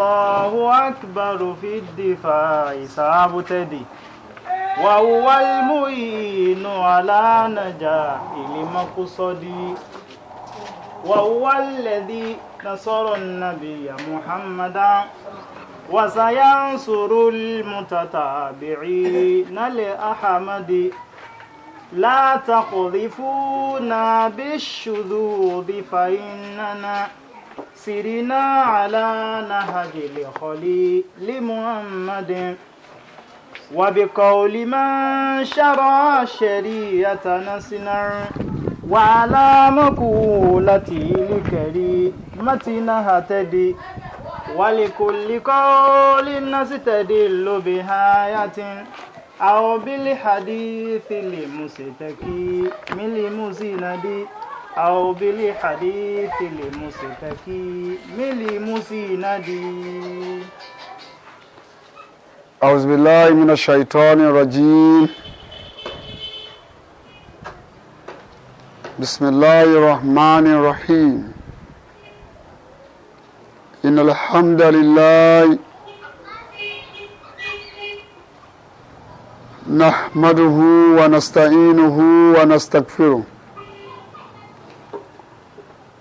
الله أكبر في الدفاع سأبتدي وهو المعين على نجاح لمقصدي وهو الذي نصر النبي محمدا وسينصر المتتابعين لأحمد لا تقذفونا بالشذوذ فإننا سرنا على نهج الخليل محمد وبقول من شرع الشريعة نسنع وعلى مقولته لكريمة نهتدي ولكل قول نستدل بهاية أو بالحديث لمستكي من لمسندي أو بالحديث المستكي لمسندي أعوذ بالله من الشيطان الرجيم بسم الله الرحمن الرحيم إن الحمد لله نحمده ونستعينه ونستغفره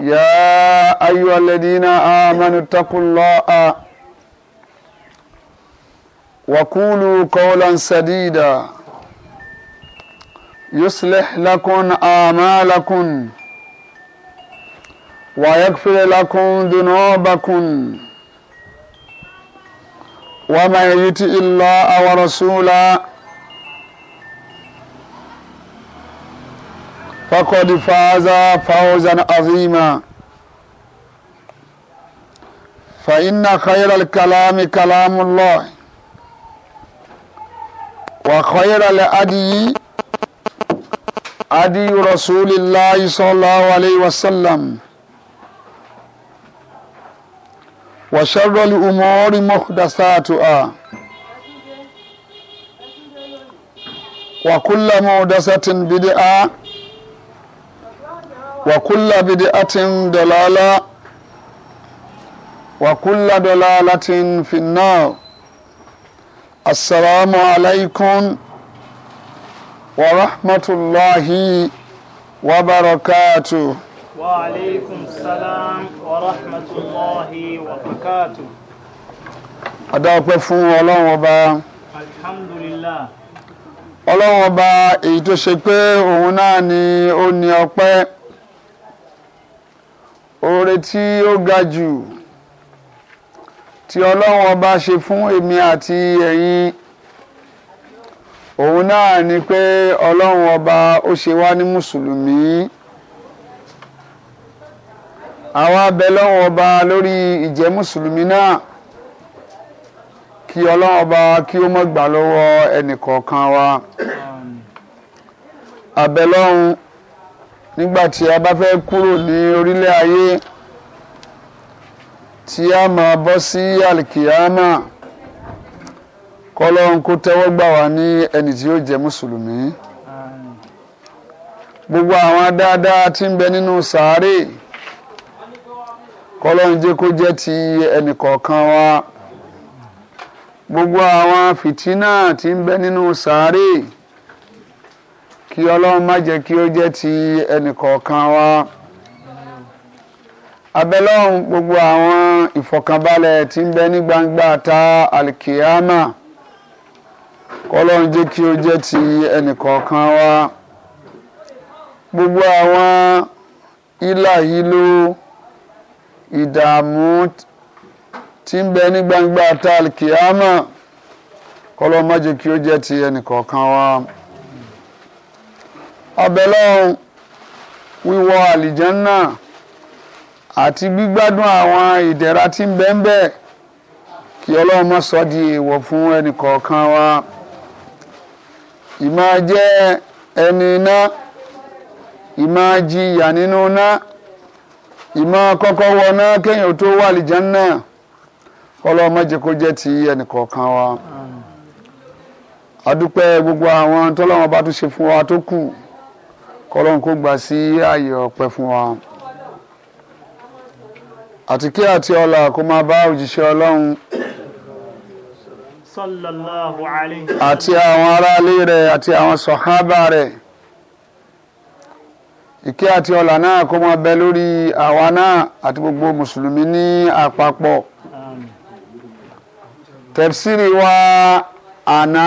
يا أيها الذين آمنوا اتقوا الله وقولوا قولا سديدا يصلح لكم آمالكم ويغفر لكم ذنوبكم ومن يطع الله ورسوله فقد فاز فوزا عظيما فإن خير الكلام كلام الله وخير الأدي أدي رسول الله صلى الله عليه وسلم وشر الأمور محدثاتها وكل محدثة بدعة وكل بدعة ضلالة وكل ضلالة في النار السلام عليكم ورحمة الله وبركاته وعليكم السلام ورحمة الله وبركاته adáwọ̀pẹ́ fún ọlọ́run ọba alhamdulillah ọlọ́run ọba èyí tó ṣe pé òun náà oore tí ó ga jù tí ọlọ́run ọba ṣe fún èmi àti ẹ̀yin òun náà ni pé ọlọ́run ọba ó ṣe wá ní mùsùlùmí àwa bẹ lọ́run ọba lórí ìjẹ́ mùsùlùmí náà kí ọlọ́run ọba kí ó mọ̀ gbà lọ́wọ́ ẹnìkọ̀ọ̀kan wa àbẹ̀lọ́run nígbà tí a bá fẹ́ kúrò ní orílẹ̀ ayé tí a máa bọ́ sí alikiyama kọ́lọ́n kó tẹ́wọ́ gbà wá ní ẹni tí yóò jẹ́ mùsùlùmí gbogbo àwọn dáadáa tí ń bẹ nínú sàárè kọ́lọ́n jẹ́ kó jẹ́ ti ẹnì kọ̀ọ̀kan wa gbogbo àwọn fìtínà tí ń bẹ nínú sàárè kí ọlọ́run má jẹ́ kí ó jẹ́ ti ẹnìkọ̀ọ̀kan wa abẹ́lọ́run gbogbo àwọn ìfọ̀kànbalẹ̀ tí ń bẹ ní gbangba ta alikiyama kọ́lọ́run jẹ́ kí ó jẹ́ ti ẹnìkọ̀ọ̀kan wa gbogbo àwọn ìlà ìlú ìdààmú tí ń bẹ ní gbangba ta alikiyama kọ́lọ́run má jẹ́ kí ó jẹ́ ti ẹnìkọ̀ọ̀kan wa ọbẹ̀ lọ́hùn wíwọ àlìjánná àti gbígbádùn àwọn ìdẹ̀ra tí ń bẹ ń bẹ kí ọlọ́run má sọ di èèwọ̀ fún ẹnì kọ̀ọ̀kan wa ìmá jẹ́ ẹni iná ìmá jìyà nínú iná ìmá kọ́kọ́ wọná kéèyàn tó wà àlìjánná ọlọ́run má jẹ́ kó jẹ́ ti ẹnì kọ̀ọ̀kan wa. Àmín adúpẹ́ gbogbo àwọn tọ́lọ́wọ́n bá tún ṣe fún wa tó kù kọ́lọ́n kó gba sí ààyè ọpẹ́ fún wa àti kí àti ọlá kó máa bá òjíṣẹ́ ọlọ́run sallallahu alayhi àti àwọn aráalé rẹ̀ àti àwọn sọ̀hábà rẹ̀ ìkí àti ọlá náà kó máa bẹ lórí àwa náà àti gbogbo mùsùlùmí ní àpapọ̀ tẹ̀síìrì wa àná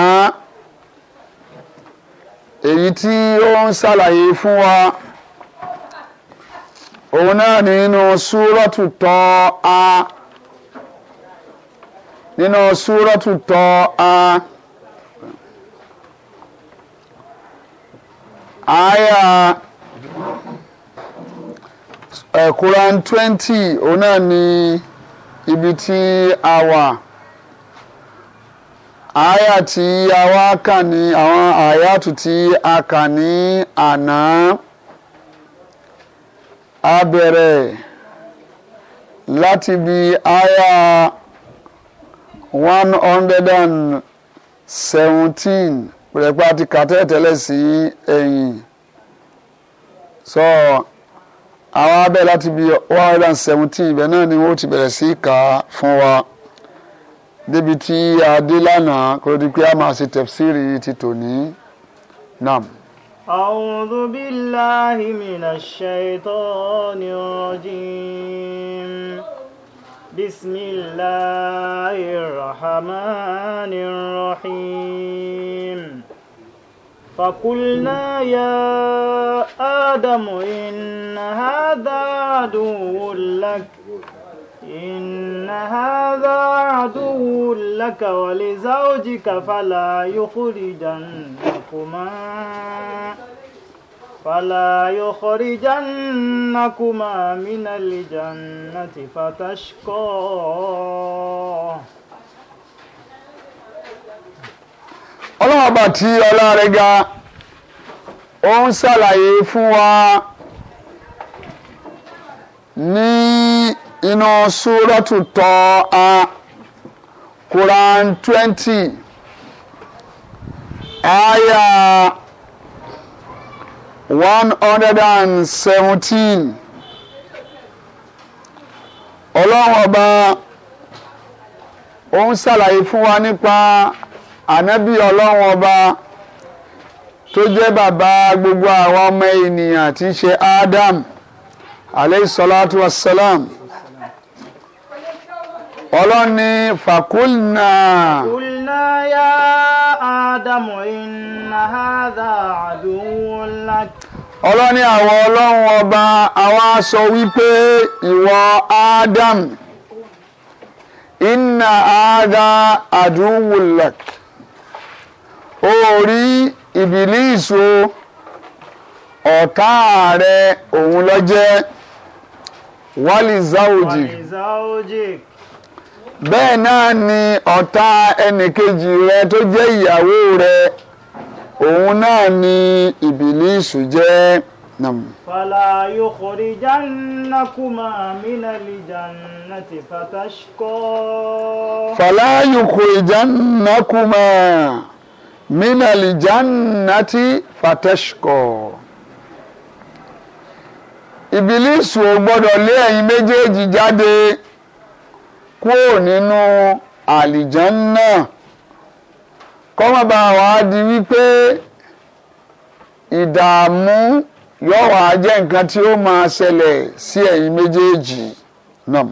èyí tí ó ń ṣàlàyé fún wa òun náà nínú súrọ́tù tọ́ a nínú súrọ́tù tọ́ a àyà eh, Quran twenty òun náà ní ibi tí a wà àyà tí a wá kà ní àwọn àyàtù tí a kà ní àná a láti bí àyà one hundred and seventeen pẹ̀lẹ́pẹ́ ti kàtẹ́ tẹ́lẹ̀ sí ẹ̀yìn so àwọn abẹ́ láti bi one hundred and seventeen ibẹ̀ náà ni wọ́n ti bẹ̀rẹ̀ sí kà fún wa débi tí a dé lánàá kó di pé a máa ṣe tẹ̀fsíìrì ti tòní nam. أعوذ بالله من الشيطان الرجيم بسم الله الرحمن الرحيم فقلنا يا آدم إن هذا عدو لك إن هذا عدو لك ولزوجك فلا يخرجنكما فلا يخرجنكما من الجنة فتشقى ọlọ́ọ̀bà tí ọlọ́ọ̀rẹ́ ga ó ń ṣàlàyé fún wa ní inú súrọ́tù tọ́ a Quran twenty aya one hundred and seventeen ọlọ́run ọba ó ń ṣàlàyé fún wa nípa ànábì ọlọ́run ọba tó jẹ́ bàbá gbogbo àwọn ọmọ ènìyàn tí ń ṣe Adam aleyhisalatu wasalam. ọlọ́ni fàkúlnà. fàkúlnà ya ádámù iná hádà ọlọ́ni àwọn ọlọ́run ọba awa sọ wípé ìwọ ádámù iná hádà àdúhùn láti. ó rí ọ̀tá rẹ̀ òun bẹ́ẹ̀ náà ni ọ̀tá ẹnìkejì rẹ tó jẹ́ ìyàwó rẹ òun náà ni ìbílísù jẹ́ nam. fàlà yòkòrì jannakuma mínàlì jannati fatashkọ. fàlà yòkòrì jannakuma mínàlì jannati fatashkọ. ìbílísù ò gbọ́dọ̀ lé ẹ̀yin méjèèjì jáde kúrò nínú àlìjánná kọ́mọ́ bá wa di wípé ìdààmú yóò wá jẹ́ nǹkan tí ó máa ṣẹlẹ̀ sí ẹ̀yin méjèèjì náà.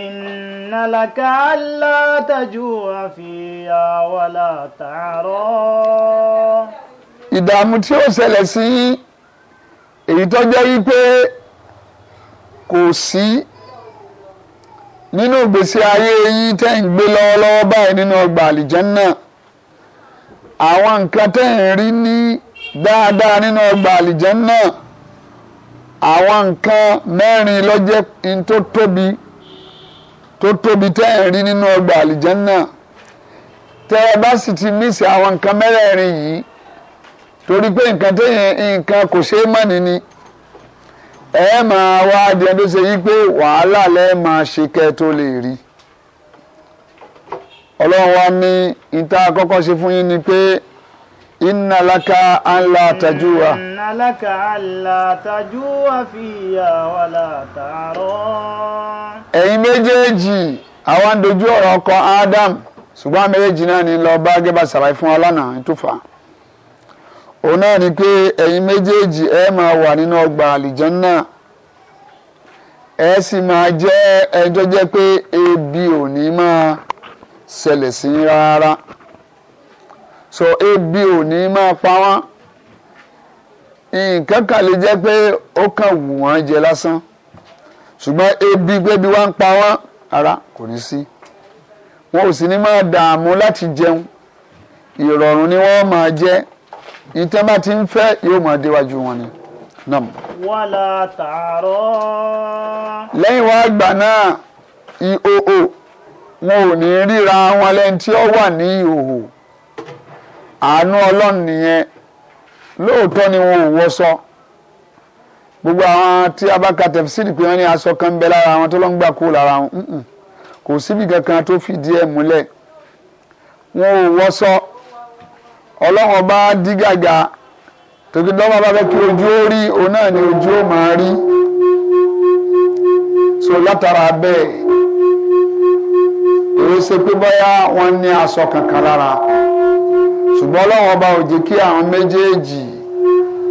Inna laka alla tajua fiha wala ta'ra. Ìdààmú tí ó ṣẹlẹ̀ sí èyí tó jẹ́ wípé kò sí nínú ìgbésí ayé yín tẹ́ ń gbé lọ́wọ́lọ́wọ́ báyìí nínú ọgbà àlìjẹ́nnà àwọn nǹkan tẹ́ ń rí ní dáadáa nínú ọgbà àlìjẹ́nnà àwọn nǹkan mẹ́rin ló jẹ́ n tó tóbi tó tóbi tẹ́ ń rí nínú ọgbà àlìjẹ́nnà tẹ́ ẹ bá sì ti mísì àwọn nǹkan mẹ́rẹ̀ẹ̀rin yìí torí pé nǹkan tẹ́yìn nǹkan kò ṣeé mọ̀ nínú. ẹ máa wá di ẹni tó ṣe yí pé wàhálà lẹ máa ṣe kẹ tó lè rí ọlọ́run wa ní ìta kọ́kọ́ ṣe fún yín ni pé inna laka alla tajua. inna laka alla Adam ṣùgbọ́n méjèèjì náà ni lọ bá gẹ́bà ṣàlàyé fún wa lánàá òun náà ni pé ẹ̀yin méjèèjì ẹ máa wà nínú ọgbà àlìjánná ẹ sì máa jẹ́ ẹni jẹ́ pé ebi ò ní máa ṣẹlẹ̀ sí rárá so ebi ò ní máa pa wọ́n nǹkan kan lè jẹ́ pé ó kàn wù wọ́n jẹ lásán ṣùgbọ́n ebi gbébi wá ń pa wọ́n ara kò ní sí wọn ò sì ní máa dààmú láti jẹun ìrọ̀rùn ni wọ́n máa jẹ́ ìtẹ́ bá ti ń fẹ́ yóò máa déwájú wọn ni. wàlá tààrọ́. lẹ́yìn wá gbà náà ìhòòhò wọn ò ní ríra wọn lẹ́yìn tí ó wà ní ìhòòhò àánú ọlọ́run nìyẹn lóòótọ́ ni wọn ò wọṣọ gbogbo àwọn tí a bá ka tẹ̀físìrì pé wọ́n ní aṣọ kan ń bẹ lára àwọn tó ló ń gbà kú lára wọn kò síbi kankan tó fìdí ẹ̀ múlẹ̀ wọn ò wọṣọ. ọlọ́run bá dí gàgà tòkí dọ́gba bá fẹ́ kí ojú ó rí náà ni ojú ó rí so látara bẹ́ẹ̀ èyí ṣe pé bóyá wọ́n ní aṣọ kankan lára ṣùgbọ́n ọlọ́run ọba ò kí àwọn méjèèjì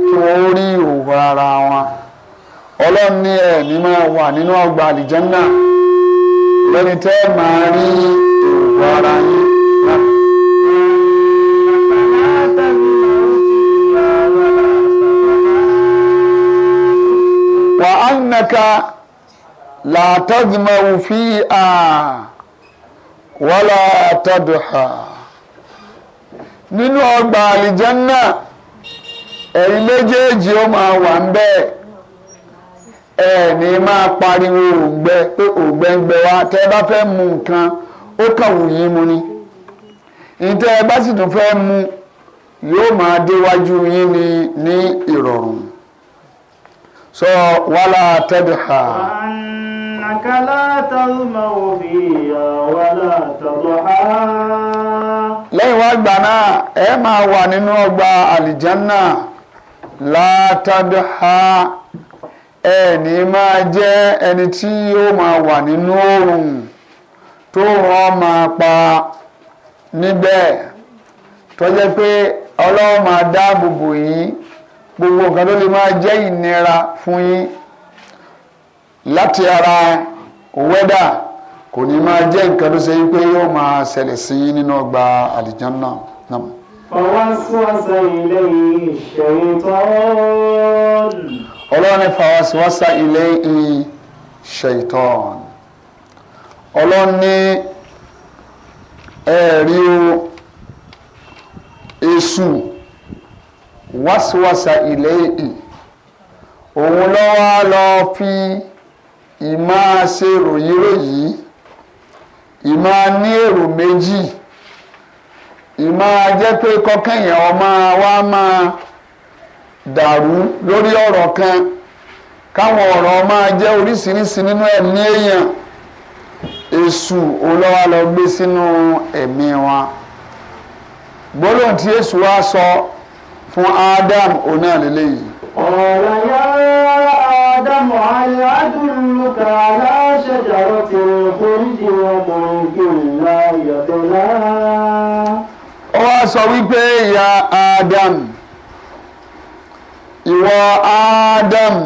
kí wọ́n ó rí òwò ara wọn ọlọ́run ní ẹ̀ máa wà nínú ọgbà innaka làtọ́júmọ̀wù fi hà wọ́lá tọ́dù hà nínú ọgbà àlìjánná ẹ̀yin méjèèjì ó máa wà ń bẹ́ẹ̀ ẹ ní máa pariwo òǹgbẹ pé òǹgbẹ ń gbẹ wá tẹ mu nǹkan ó kàn wù mu ni ìtẹ́ ẹ bá sì tún fẹ́ mu yóò máa déwájú yín ni ní ìrọ̀rùn so wala tadha. annaka la tadmau fiha wala tadha. lẹ́yìn wá gbà náà ẹ máa wà nínú ọgbà àlìjánná la tadha ẹni máa jẹ́ ẹni tí yóò máa wà nínú oòrùn tó rán máa pa níbẹ̀ tó pé ọlọ́run máa dáàbò bò yín gbogbo nǹkan tó lè máa jẹ́ ìnira fún yín láti ara wẹ́dà kò ní máa jẹ́ nǹkan tó ṣe pé yóò máa ṣẹlẹ̀ sí yín nínú ọgbà àlìjánná náà. fàwọ́síwáṣá ilé ìṣẹ̀yìntàn. ọlọ́run fàwọ́síwáṣá ilé ìṣẹ̀yìntàn. ọlọ́run ní ẹ̀rí o èṣù wàsíwàsà ilé ì òun lọ́wọ́ lọ fi ìmáa ṣe ròyìn ròyìn ìmáa ní èrò méjì ìmáa jẹ́ pé kọ́kẹ́yìn ọmọ wa máa dàrú lórí ọ̀rọ̀ kan káwọn ọ̀rọ̀ máa jẹ́ oríṣiríṣi nínú ẹ̀mí èèyàn èṣù olówó lọ gbé sínú ẹ̀mí wọn gbólóhùn tí èṣù wa sọ. So, fún Ádámù òun náà lélẹ́yìí. ọ̀rọ̀ yá Ádámù aláàdúrúkà aláṣẹjọ́rọ̀ ti foríjì ọmọ ìgbìmọ̀ ìyọ̀tẹ̀ náà. ó sọ wípé ìyá Ádámù ìwọ Ádámù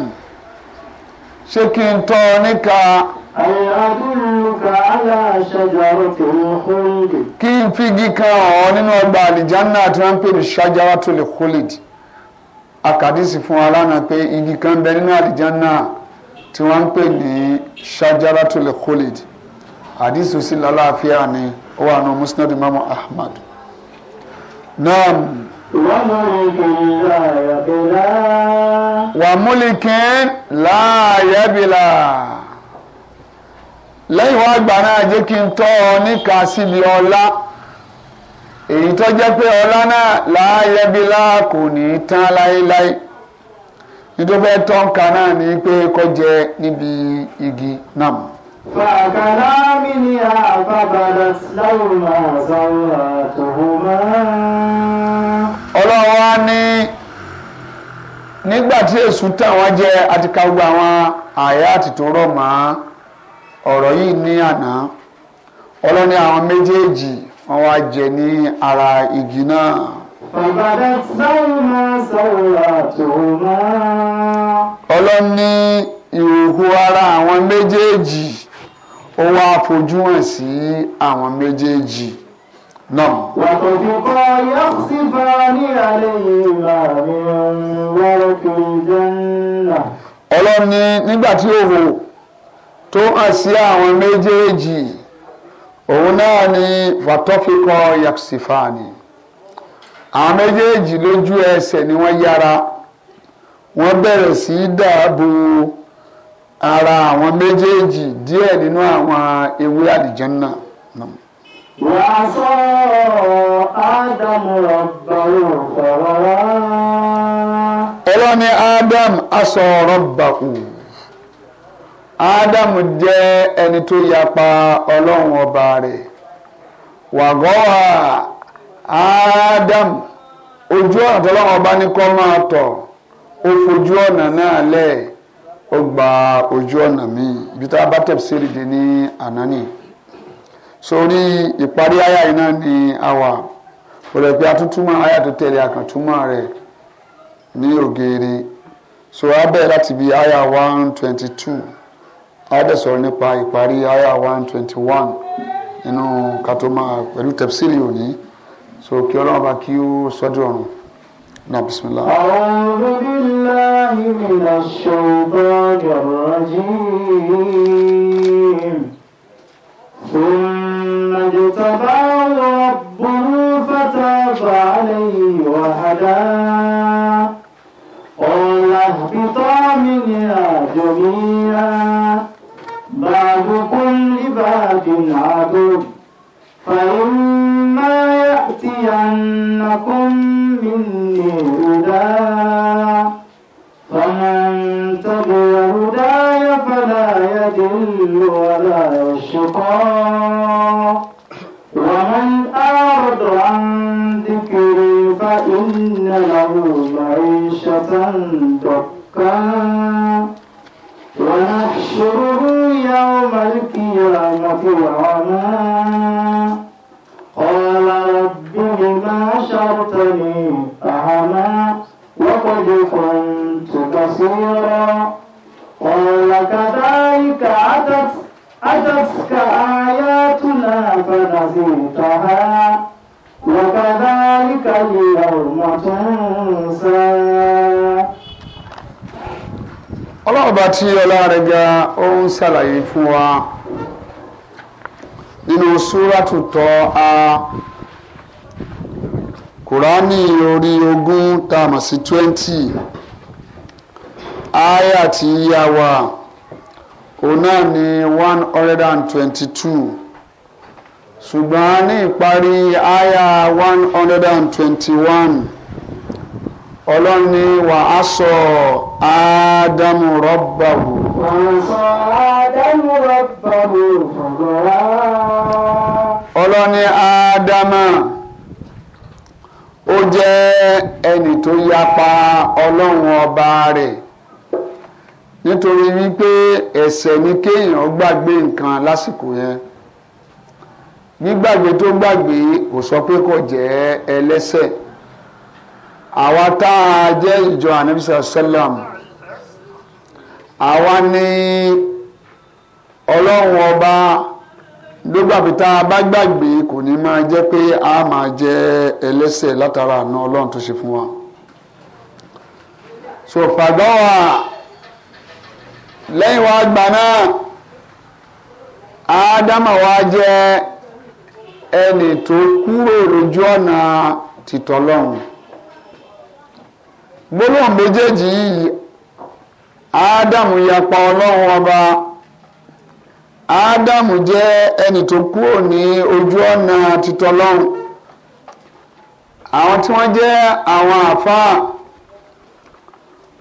ṣé kí n tọ́ ọ níka. kí n figi kan ọ̀ nínú ọgbà àlìjánná tí wọ́n ń pè ní ṣájáwátólè kólèdì àkàdísì fún wa lánàá pé igi kan bẹ nínú àlìjánná tí wọ́n ń pè ní ṣájáwátólè kólèdì àdísì sí lálàáfíà ni ó wà nù musnad imam ahmad. naam wàmúlikin láàyẹ́bìlà lẹ́yìn wá gbà náà jẹ́ kí n tọ́ ọ níka síbi ọlá èyí tó jẹ́ pé ọlá náà láàyẹ́bìlà kò ní í tán láéláé nítorí pé tọ́ǹkà náà ní pé kó níbi igi náà. فأكلا منها فبدت لهما سوآتهما ọlọ́wọ́ nígbà tí jẹ àti ka gbogbo àwọn àyà àtìtòrọ̀ mọ́ ọ̀rọ̀ yìí ní àná ọlọ́ni àwọn méjèèjì wọn wá jẹ ní ara igi náà. ara àwọn méjèèjì. ó wá fojú hàn sí àwọn méjèèjì náà. wàtòkùkọ yóò sì bá ní àlẹ́ yìí rà mí wọ́rọ̀ kiri jẹ́nà. ọlọ́ni nígbà tí òhò tó hàn sí àwọn méjèèjì òun náà ni fàtọ́fíkọ yaksifani àwọn méjèèjì lójú ẹsẹ̀ ni wọ́n yára wọ́n bẹ̀rẹ̀ sí í ara àwọn méjèèjì díẹ̀ nínú àwọn ewé àlìjánná. Wàásù Ádámù rọ̀bàwò sọ̀rọ̀ Ọlọ́ni Ádám aṣọ rọ̀bàwò. jẹ́ ẹni tó yapa ọlọ́run ọba rẹ̀. Wàgọ́wà adam ojú ọ̀nà tọ́lọ́run ọba ní kọ́ máa ó gba ojú ọ̀nà míì ibi tá a bá tẹ̀síìrì dé ní ànání sórí ìparí àyà iná ni a wà òrẹ̀ pé atúntúmọ̀ àyà tó tẹ̀lé àkàntúmọ̀ rẹ̀ ní ògèrè so a láti bí àyà one twenty two a dẹ̀ sọ̀rọ̀ nípa ìparí àyà one twenty one nínú kàtó máa pẹ̀lú tẹ̀síìrì òní so kí ọlọ́run bá kí ó sọ́dọ̀ ọ̀run. نعم بسم الله أعوذ بالله من الشيطان الرجيم ثم اجتباه ربه فتاب عليه وهدى قال اهبطا منها جميعا بعضكم لبعض عدو فإما يأتينكم هدى فمن تبع هداي فلا يدل ولا يشقى ومن أعرض عن ذكري فإن له معيشة ضكا ونحشره يوم القيامة عمى قال رب بما شرطني أعمى وقد كنت بصيرا قال كذلك أتت أتتك آياتنا فنسيتها وكذلك اليوم تنسى ọlọ́run bá tí ọlá rẹ̀ ga ó ń ṣàlàyé fún wa nínú súrátù tọ́ a kùránì orí ogún tá a mọ̀ sí twenty àyà tí yá wa òun náà ní one hundred and twenty-two ṣùgbọ́n ní ìparí àyà one hundred and twenty-one ọlọ́run ní wà á sọ ádámù rọ́bàwò. wà ọlọ́run ní ádámù. ó jẹ́ ẹnì tó yapa ọlọ́run ọba rẹ̀ nítorí wípé ese ni kéèyàn gbàgbé nǹkan lásìkò yẹn gbígbàgbé tó gbàgbé kò sọ pé kò jẹ́ ẹlẹ́ṣẹ̀ àwa tá a jẹ́ ìjọ anabisa salam àwa ni ọlọ́run ọba. dógbàbí tá a bá gbàgbé kò ní máa jẹ́ pé a máa jẹ́ ẹlẹ́sẹ̀ látara àna ọlọ́run tó ṣe fún wa. so fàgbọ́n wa lẹ́yìn wa gbà náà ádámà wa jẹ́ ẹni tó kúrò lójú ọ̀nà tìtọ́lọ́run gbólóhùn méjèèjì yìí ádámù yapa ọlọ́run ọba. ádámù jẹ ẹni tó kúrò ní ojú ọ̀nà títọ́lọ́run àwọn tí wọ́n jẹ́ àwọn àfáà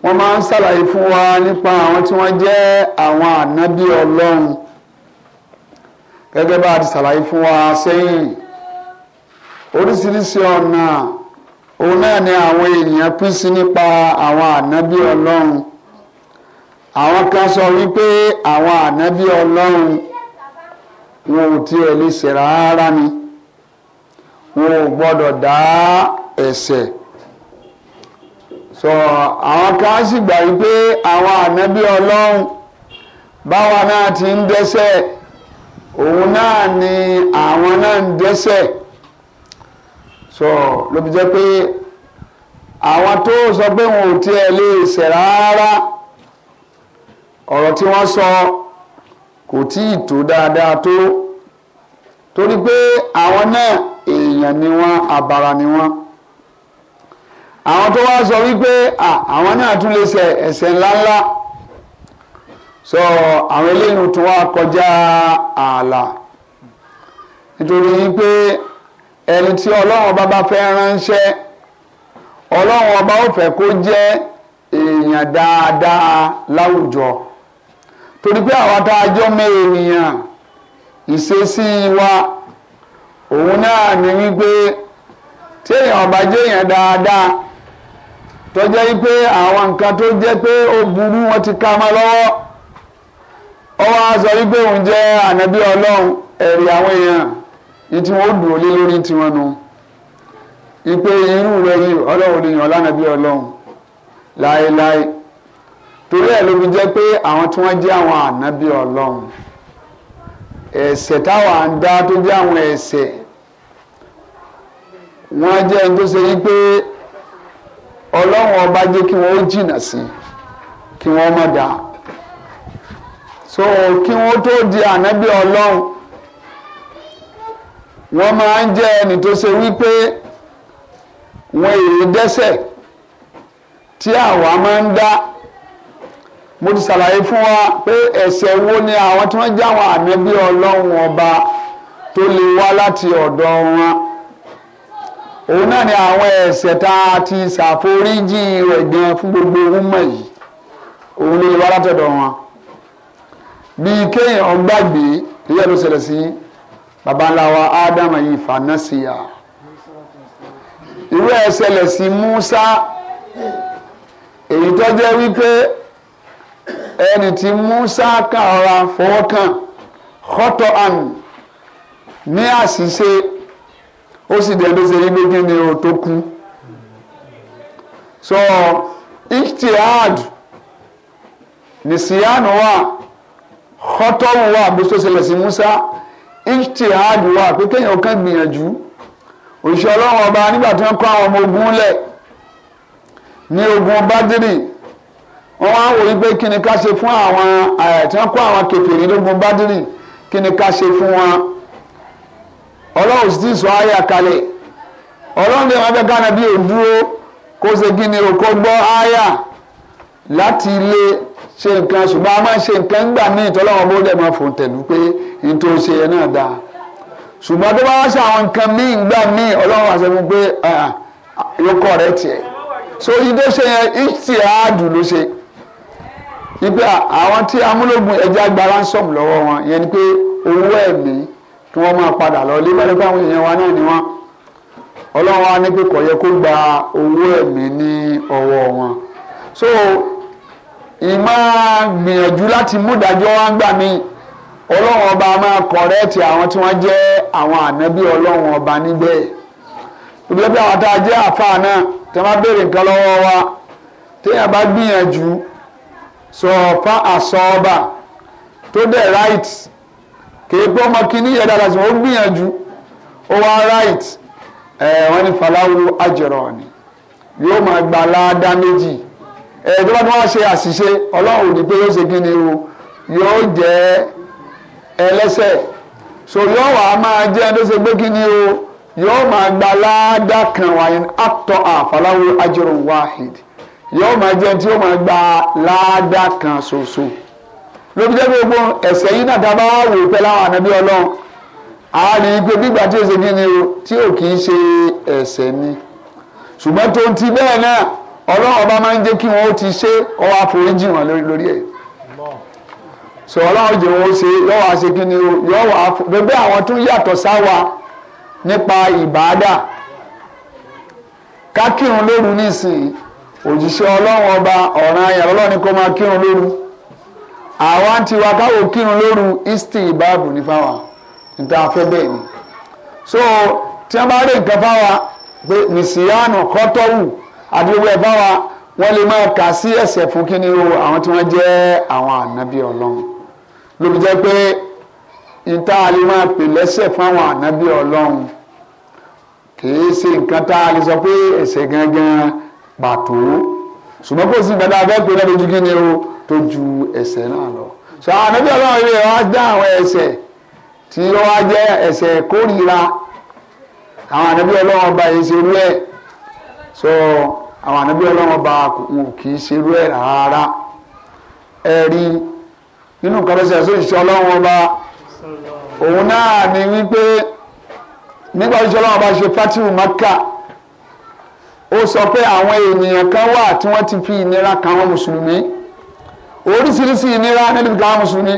wọ́n máa ń ṣàlàyé fún wa nípa àwọn tí wọ́n jẹ́ àwọn ànábì ọlọ́run gẹ́gẹ́ bá a ti ṣàlàyé fún wa sẹ́yìn oríṣiríṣi ọ̀nà òun náà ni àwọn ènìyàn pín sí nípa àwọn ànábì ọlọ́run. àwọn kan sọ wípé àwọn ànábì ọlọ́run wọn ò tiẹ̀ lè ṣẹ̀ rárá ni wọn ò gbọ́dọ̀ dá ẹ̀ṣẹ̀ sọ àwọn kan sì gbà wípé àwọn ànábì ọlọ́run báwa náà ti ń dẹ́ṣẹ̀ òun náà ni àwọn náà ń dẹ́ṣẹ̀ sọ ló fi jẹ́ pé àwọn tó sọ pé wọn ò tiẹ̀ lè ṣẹ̀ rárá ọ̀rọ̀ tí wọ́n sọ kò tí ì tó dáadáa tó torí pé àwọn náà èèyàn ni wọ́n abara ni wọ́n àwọn tó wá sọ wípé àwọn náà tún lè ṣe ẹ̀ṣẹ̀ ńláńlá sọ àwọn eléyìí tún wá kọjá ààlà nítorí wípé ẹni tí ọlọ́run ọba bá fẹ́ ránṣẹ́ ọlọ́run ọba ó fẹ́ kó jẹ́ èèyàn dáadáa láwùjọ torí pé àwọn tá a jọ mọ ìṣesí wa òun náà ni wípé tí èèyàn bá jẹ́ èèyàn dáadáa tó jẹ́ wípé àwọn nǹkan tó jẹ́ pé ó burú wọn ti ká mọ́ lọ́wọ́ ó wá sọ wípé òun jẹ́ ànábí ọlọ́run ẹ̀rí àwọn èèyàn ní tí wọ́n dùn lé lórí tiwọn nu wípé irú rẹ̀ yìí ọlọ́run lè yàn lánàá ọlọ́run láéláé torí ẹ̀ ló fi jẹ́ pé àwọn tí wọ́n jẹ́ àwọn ànábì ọlọ́run ẹ̀ṣẹ̀ táwa ń dá tó jẹ́ àwọn ẹ̀ṣẹ̀ wọ́n jẹ́ ẹni tó ṣe yí pé ọlọ́run ọba jẹ́ kí wọ́n ó jìnà sí kí wọ́n má dá so kí wọ́n tó di ànábì ọlọ́run wọ́n máa ń jẹ́ ẹni tó ṣe wípé wọ́n èrè dẹ́ṣẹ̀ tí àwa máa ń dá mo ti ṣàlàyé fún wa pé ẹ̀ṣẹ̀ wo ni àwọn tí wọ́n jẹ́ àwọn ànábì ọlọ́run ọba tó lè wá láti ọ̀dọ̀ wọn òun náà ni àwọn ẹ̀ṣẹ̀ tá a ti ṣàforíjì rẹ̀ gan fún gbogbo ọmọ yìí òun ló lè wá láti ọ̀dọ̀ wọn bíi kéèyàn gbàgbé ìyá ló ṣẹlẹ̀ sí baba ńlá wa ádámà yìí fànásìyà irú ẹ̀ ṣẹlẹ̀ Musa èyí tó jẹ́ wípé ẹni tí Musa kàrà fọwọ́ kàn kọ́tọ̀ àn ní àṣìṣe ó sì dẹ̀ lóṣè yí gbégé ni o tó kú so ijtihad nisiyanu wa kọ́tọ̀ wa bó tó ṣẹlẹ̀ sí Musa ijtihad wa pé kéèyàn kan gbìyànjú òṣìṣẹ́ ọlọ́run ọba nígbà tí wọ́n kọ́ àwọn ọmọ ogun lẹ̀ ní ogun Badiri wọ́n wá wòye pé kí ni ká ṣe fún àwọn tí wọ́n kó àwọn kèfèrí lógun bádìrì kí ni ká ṣe fún wọn ọlọ́run sì ti sọ ayé àkàlẹ̀ ọlọ́run lè máa fẹ́ ká nàbí òdúró kó ṣe kí ni òkò gbọ́ ayà láti ilé ṣe nǹkan ṣùgbọ́n a máa ṣe nǹkan ńgbà míì tọ́lọ́wọ́n bó dẹ̀ máa fò tẹ̀lú pé n tó ṣe yẹn náà dáa ṣùgbọ́n tó bá wá ṣe àwọn nǹkan míì ńgbà míì ọlọ́run àṣẹ fún pé ah, ah, yóò kọ́ rẹ̀ tiẹ̀ so idó ṣe yẹn ìtì àádùn ló ṣe wípé àwọn tí amúlògùn ẹja gba ransom lọ́wọ́ wọn ìyẹn ni pé owó ẹ̀mí kí wọ́n máa padà lọ lé bẹ́ẹ̀ bá èèyàn wa náà ni wọ́n ọlọ́run wa ní pé kò yẹ kó gba owó ẹ̀mí ní ọwọ́ wọn so ìmọ̀ gbìyànjú láti mú ìdájọ́ wa ń gbà mí ọlọ́run ọba máa kọ̀rẹ́ẹ̀tì àwọn tí wọ́n jẹ́ àwọn ànábì ọlọ́run ọba níbẹ̀ ìgbẹ́ bí àwọn tá a jẹ́ àfa náà tí wọ́n bá béèrè nǹkan lọ́wọ́ wa téèyàn bá gbìyànjú sọ̀ọ̀fà àsọ̀ọ̀bà tó dẹ̀ right kìí pé ọmọ kìíní yẹn dáadáa sí wọn ó gbìyànjú ó wá right ẹ wọn ní faláwo àjọrọ ni yóò máa gba aláàdá méjì ẹ tó bá tó wá ṣe àṣìṣe ọlọ́run ní pé yóò ṣe kí ni o yóò jẹ́ ẹlẹ́sẹ̀ so yóò wá máa jẹ́ ẹni tó ṣe pé kí ni o yóò máa gba aláàdá kan wáyé àtọ̀ àfaláwo àjọrọ wáhìdì yóò máa jẹ́ tí ó máa gba láàdá kan ṣoṣo lóbi jẹ́ gbogbo ẹ̀sẹ̀ yìí náà dábàá wà wò pẹ́ láwọn ànábí ọlọ́run àárín igbe gbígbà tí èsè kí ni o tí ò kì í ṣe ẹ̀sẹ̀ ni ṣùgbọ́n tó ń ti bẹ́ẹ̀ náà ọlọ́run ọba máa ń jẹ́ kí wọ́n ó ti ṣe kọ́ wá foríjì wọn lórí ẹ̀ sọ ọlọ́run jẹ́ wọ́n ṣe yọ́ wá ṣe kí ni o yọ́ wá bẹ́ẹ̀ àwọn tún yàtọ̀ sáwa nípa ìbáadà ká kírun nísìnyí òjíṣẹ́ ọlọ́run ọba ọ̀ràn ayà lọ́lọ́run ni kó máa kírun lóru àwa ń tiwa káwọ kírun lóru isti ìbáàbù ní fáwa níta afẹ́ bẹ́ẹ̀ ni so tí wọ́n bá rí nǹkan fáwa pé nìsíyánu kọ́tọ́wù àti gbogbo ẹ̀ fáwa wọ́n lè máa kà sí ẹ̀ṣẹ̀ fún kíni o àwọn tí wọ́n jẹ́ àwọn ànábì ọlọ́run lóbi jẹ́ pé níta lè máa pè lẹ́ṣẹ̀ fún àwọn ànábì ọlọ́run kì í ṣe nǹkan tá a lè sọ pé ẹ̀ṣẹ̀ gangan pàtó ṣùgbọ́n kò sí ìgbàdá abẹ́pẹ́ náà lójú kí o tó ju ẹ̀ṣẹ̀ náà lọ. sọ ànábì ọlọ́run ilé wa dá àwọn ẹ̀ṣẹ̀ tí ó wá jẹ́ ẹ̀ṣẹ̀ kórìíra àwọn ànábì ọlọ́run ọba yìí ṣe rú ẹ̀ sọ àwọn ànábì ọlọ́run ọba wọn kì í ṣe rú ẹ̀ rárá ẹ̀rí nínú nǹkan lọ́sẹ̀ ẹ̀ṣẹ̀ òṣìṣẹ́ ọlọ́run ọba òun náà ni wípé nígbà òṣìṣẹ́ ọlọ́run ọba ṣe fátìmù Mákà ó sọ pé àwọn ènìyàn kan wà tí wọ́n ti fi ìnira kan àwọn mùsùlùmí oríṣiríṣi ìnira níbi kan àwọn mùsùlùmí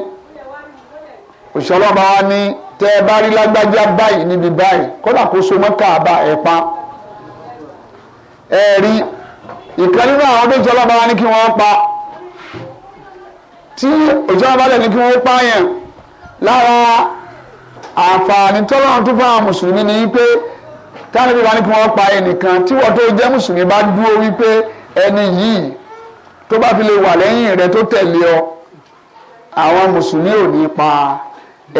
òṣèlọ́ba wa ní tẹ́ ẹ bá rí lágbájá báyìí níbi báyìí kódà kó so mọ́ káàbà ẹ̀ pa ẹ rí ìkan nínú àwọn tó jọlọ́ba wa ní kí wọ́n pa tí òjọba lẹ̀ ní kí wọ́n pààyàn lára àǹfààní tọ́lọ́run tó fún àwọn mùsùlùmí ni pé táwọn ẹbí wa ní kí wọ́n pa ẹnìkan tí wọ́n tó jẹ́ mùsùlùmí bá dúró wípé ẹni yìí tó bá fi lè wà lẹ́yìn rẹ tó tẹ̀lé ọ àwọn mùsùlùmí ò ní pa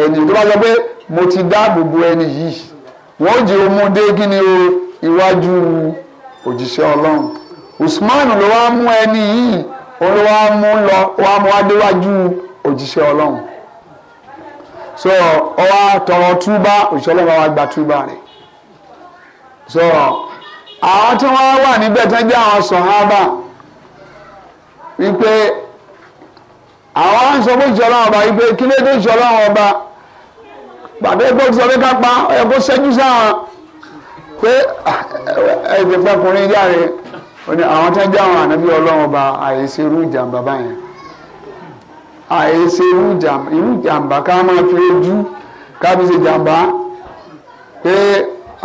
ẹni tó bá sọ pé mo ti dáàbò bo ẹni yìí wọ́n ò jẹ́ omu kí ni o iwájú òjíṣẹ́ ọlọ́run Usman ló wá mú ẹni yìí òun ló wá mú lọ wá mú wá déwájú òjíṣẹ́ ọlọ́run so ọwọ́ tọrọ túbá òjíṣẹ́ ọlọ́run wá gba túbá rẹ̀ so àwọn tí wọ́n wà níbẹ̀ tó ń jẹ́ àwọn sọ̀hábà wípé àwọn á ń sọ fún ìṣọ̀lá ọba wípé kí ló dé ìṣọ̀lá ọba bàbá ẹgbẹ́ ti sọ pé ká pa ẹ kó ṣẹ́jú sáwọn pé ah, ẹ̀jẹ̀ fẹkùnrin jáde àwọn tó ń jẹ́ àwọn ànábí ọlọ́run ọba àìsí irú ìjàmbá báyẹn àìsí irú ìjàmbá ká máa fi ojú ká fi ṣe ìjàmbá pé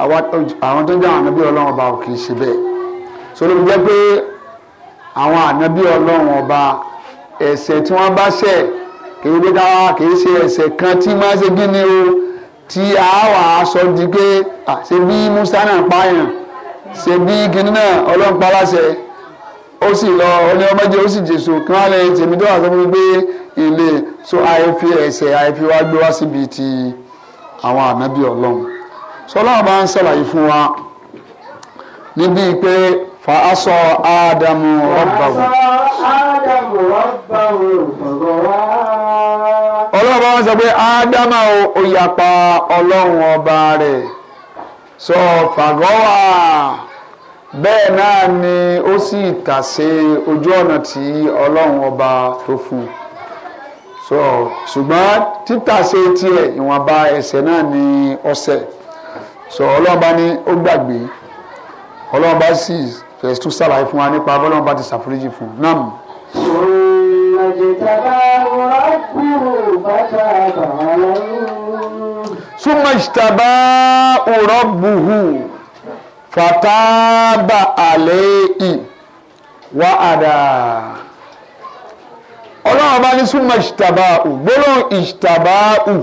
àwọn tó ń jẹ́ àwọn ànábì ọlọ́run ọba ò kì í ṣe bẹ́ẹ̀ so ló fi jẹ́ pé àwọn ànábì ọlọ́run ọba ẹ̀ṣẹ̀ tí wọ́n bá ṣẹ̀ kìí gbé ká kìí ṣe ẹ̀ṣẹ̀ kan tí máa ṣe gíní o tí a wà á sọ di pé ṣe bí Musa náà pààyàn ṣe bí gíní náà ọlọ́run pa láṣẹ ó sì lọ ọlẹ́ ọmọdé ó sì jèso kí wọ́n lè tèmi tó wà sọ fún mi pé ilé so àìfi ẹ̀ṣẹ̀ àìfi wá gbé wá síbi ti àwọn ànábì ọlọ́run sọlá bá ń ṣàlàyé fún wa níbi pé fa aṣọ ádámù rọ́bàwò. ọlọ́run bá wọn sọ pé ádámà ó yapa ọlọ́run ọba rẹ̀ sọ fàgọ́wà bẹ́ẹ̀ náà ni ó sì tàsé ojú ọ̀nà tí ọlọ́run ọba tó fún un so ṣùgbọ́n títàsé tiẹ̀ ìwọ̀nba ẹ̀ṣẹ̀ náà ni ọ̀sẹ̀. So, so ọlọ́run bá ní ó gbàgbé ọlọ́run bá sì fẹ̀sí tún ṣàlàyé fún wa nípa ọlọ́run bá ti ṣàforíjì fún un náà. súnmọ́ ìṣtàbá ọ̀rọ̀ bùhù fàtàbà àlẹ́ ì wá àdá ọlọ́run bá ní súnmọ́ ìṣtàbá ù gbólóhùn ìṣtàbá ù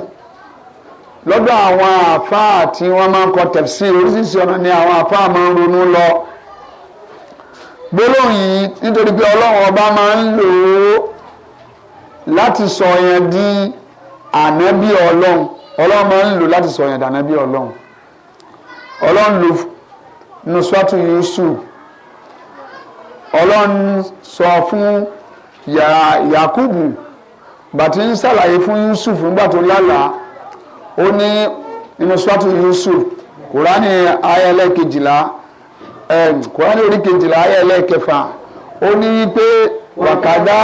lọ́dọ̀ àwọn àfáà tí wọ́n máa ń kọ tafsir oríṣiríṣi ọ̀nà ni àwọn àfáà máa ń ronú lọ gbólóhùn yìí nítorí pé ọlọ́run ọba máa ń lò ó láti sọ yẹn di ànábì ọlọ́run ọlọ́run máa ń lò láti sọ yẹn di ànábì ọlọ́run ọlọ́run lò nusratu Yusuf ọlọ́run sọ fún Yakubu bàtí ń ṣàlàyé fún Yusuf nígbà tó lálàá ó ní nínú swatu Yusuf kùránì ayẹlẹ kejìlá kùránì orí kejìlá ayẹlẹ kẹfà ó ní pé wàkàdá.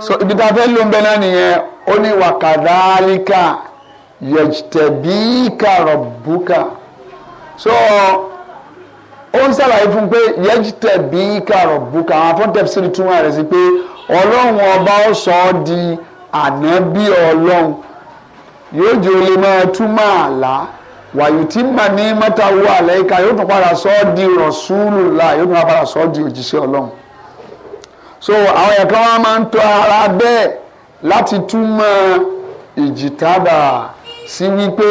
so ibi tá a fẹ́ ló ń bẹ náà nìyẹn ó ní wàkàdálíkà yajtabika rabbuka so ó ń ṣàlàyé fún un pé yẹ́jìtẹ̀ bí kàrọ̀ bùkà àwọn afọ́ntẹ̀sílì túmọ̀ rẹ̀ sí pé ọlọ́run ọba ó sọ ọ́ di ànábì ọlọ́run yóò jẹ́ olè máa túmọ̀ àlá wàyù tí mà ní mẹ́ta wo àlẹ́ ìka yóò tún padà sọ ọ́ di rọ̀ṣúlù la yóò tún padà sọ ọ́ di òjíṣẹ́ ọlọ́run so àwọn yẹn kan wá máa ń tọ́ ara bẹ́ẹ̀ láti túmọ̀ ìjìtàbà sí wípé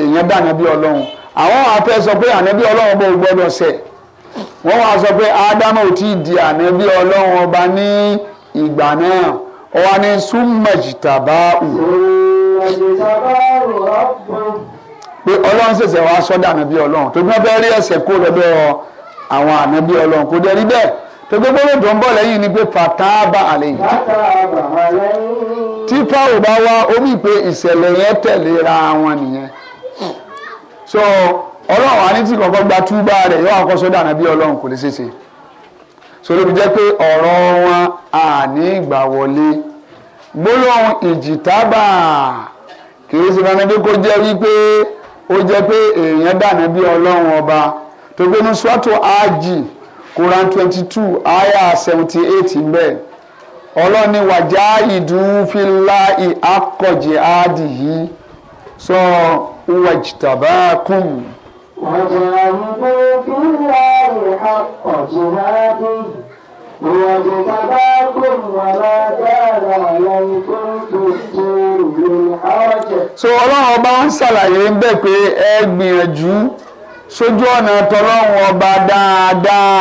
èèyàn dànù bí ọlọ́run àwọn wàá fẹ́ sọ pé ànábì ọlọ́run bò gbọ́dọ̀ ṣẹ̀ wọ́n wàá sọ pé ádámù ò tí ì di ànábì ọlọ́run ọba ní ìgbà náà ọwọ́ ní súnmọ̀jìtàbá ù. pé ọlọ́run ṣẹ̀ṣẹ̀ wá sọ́dọ̀ ànábì ọlọ́run tó gbọ́n fẹ́ rí ẹ̀ṣẹ̀ kó lọ́dọ̀ àwọn ànábì ọlọ́run kò dẹ̀ rí bẹ́ẹ̀ tó gbogbo tó ń bọ̀ lẹ́yìn ni pé fàtàbà àlẹ́yìn. tí fáwọn bá wá omi pé ìṣẹ̀lẹ̀ yẹn tẹ̀léra wọn nìyẹn so ọlọ́run wa ní tí kọ̀ọ̀kan gba túbà rẹ̀ yóò àkọ́ sọ́dọ̀ ànábì ọlọ́run kò lè ṣe so ló fi jẹ́ pé ọ̀rọ̀ wọn àní ìgbà wọlé gbólóhùn ìjìtábà kìí ṣe fanadé kó jẹ́ wípé ó jẹ́ pé èèyàn dànù bí ọlọ́run ọba tó gbénu swato aji Quran twenty two ayah seventy eight bẹ́ẹ̀ ọlọ́ni wàjá ìdúnfìlà ìhàkọ̀jẹ̀ àdìyí sọ wàjìtàbákùn. وجعلوا في الله حق جهاده واجتباكم وما كان عليكم so ọlọ́run ọba ń ṣàlàyé ń bẹ̀ pé ẹ gbìyànjú sójú ọ̀nà tọlọ́run ọba dáadáa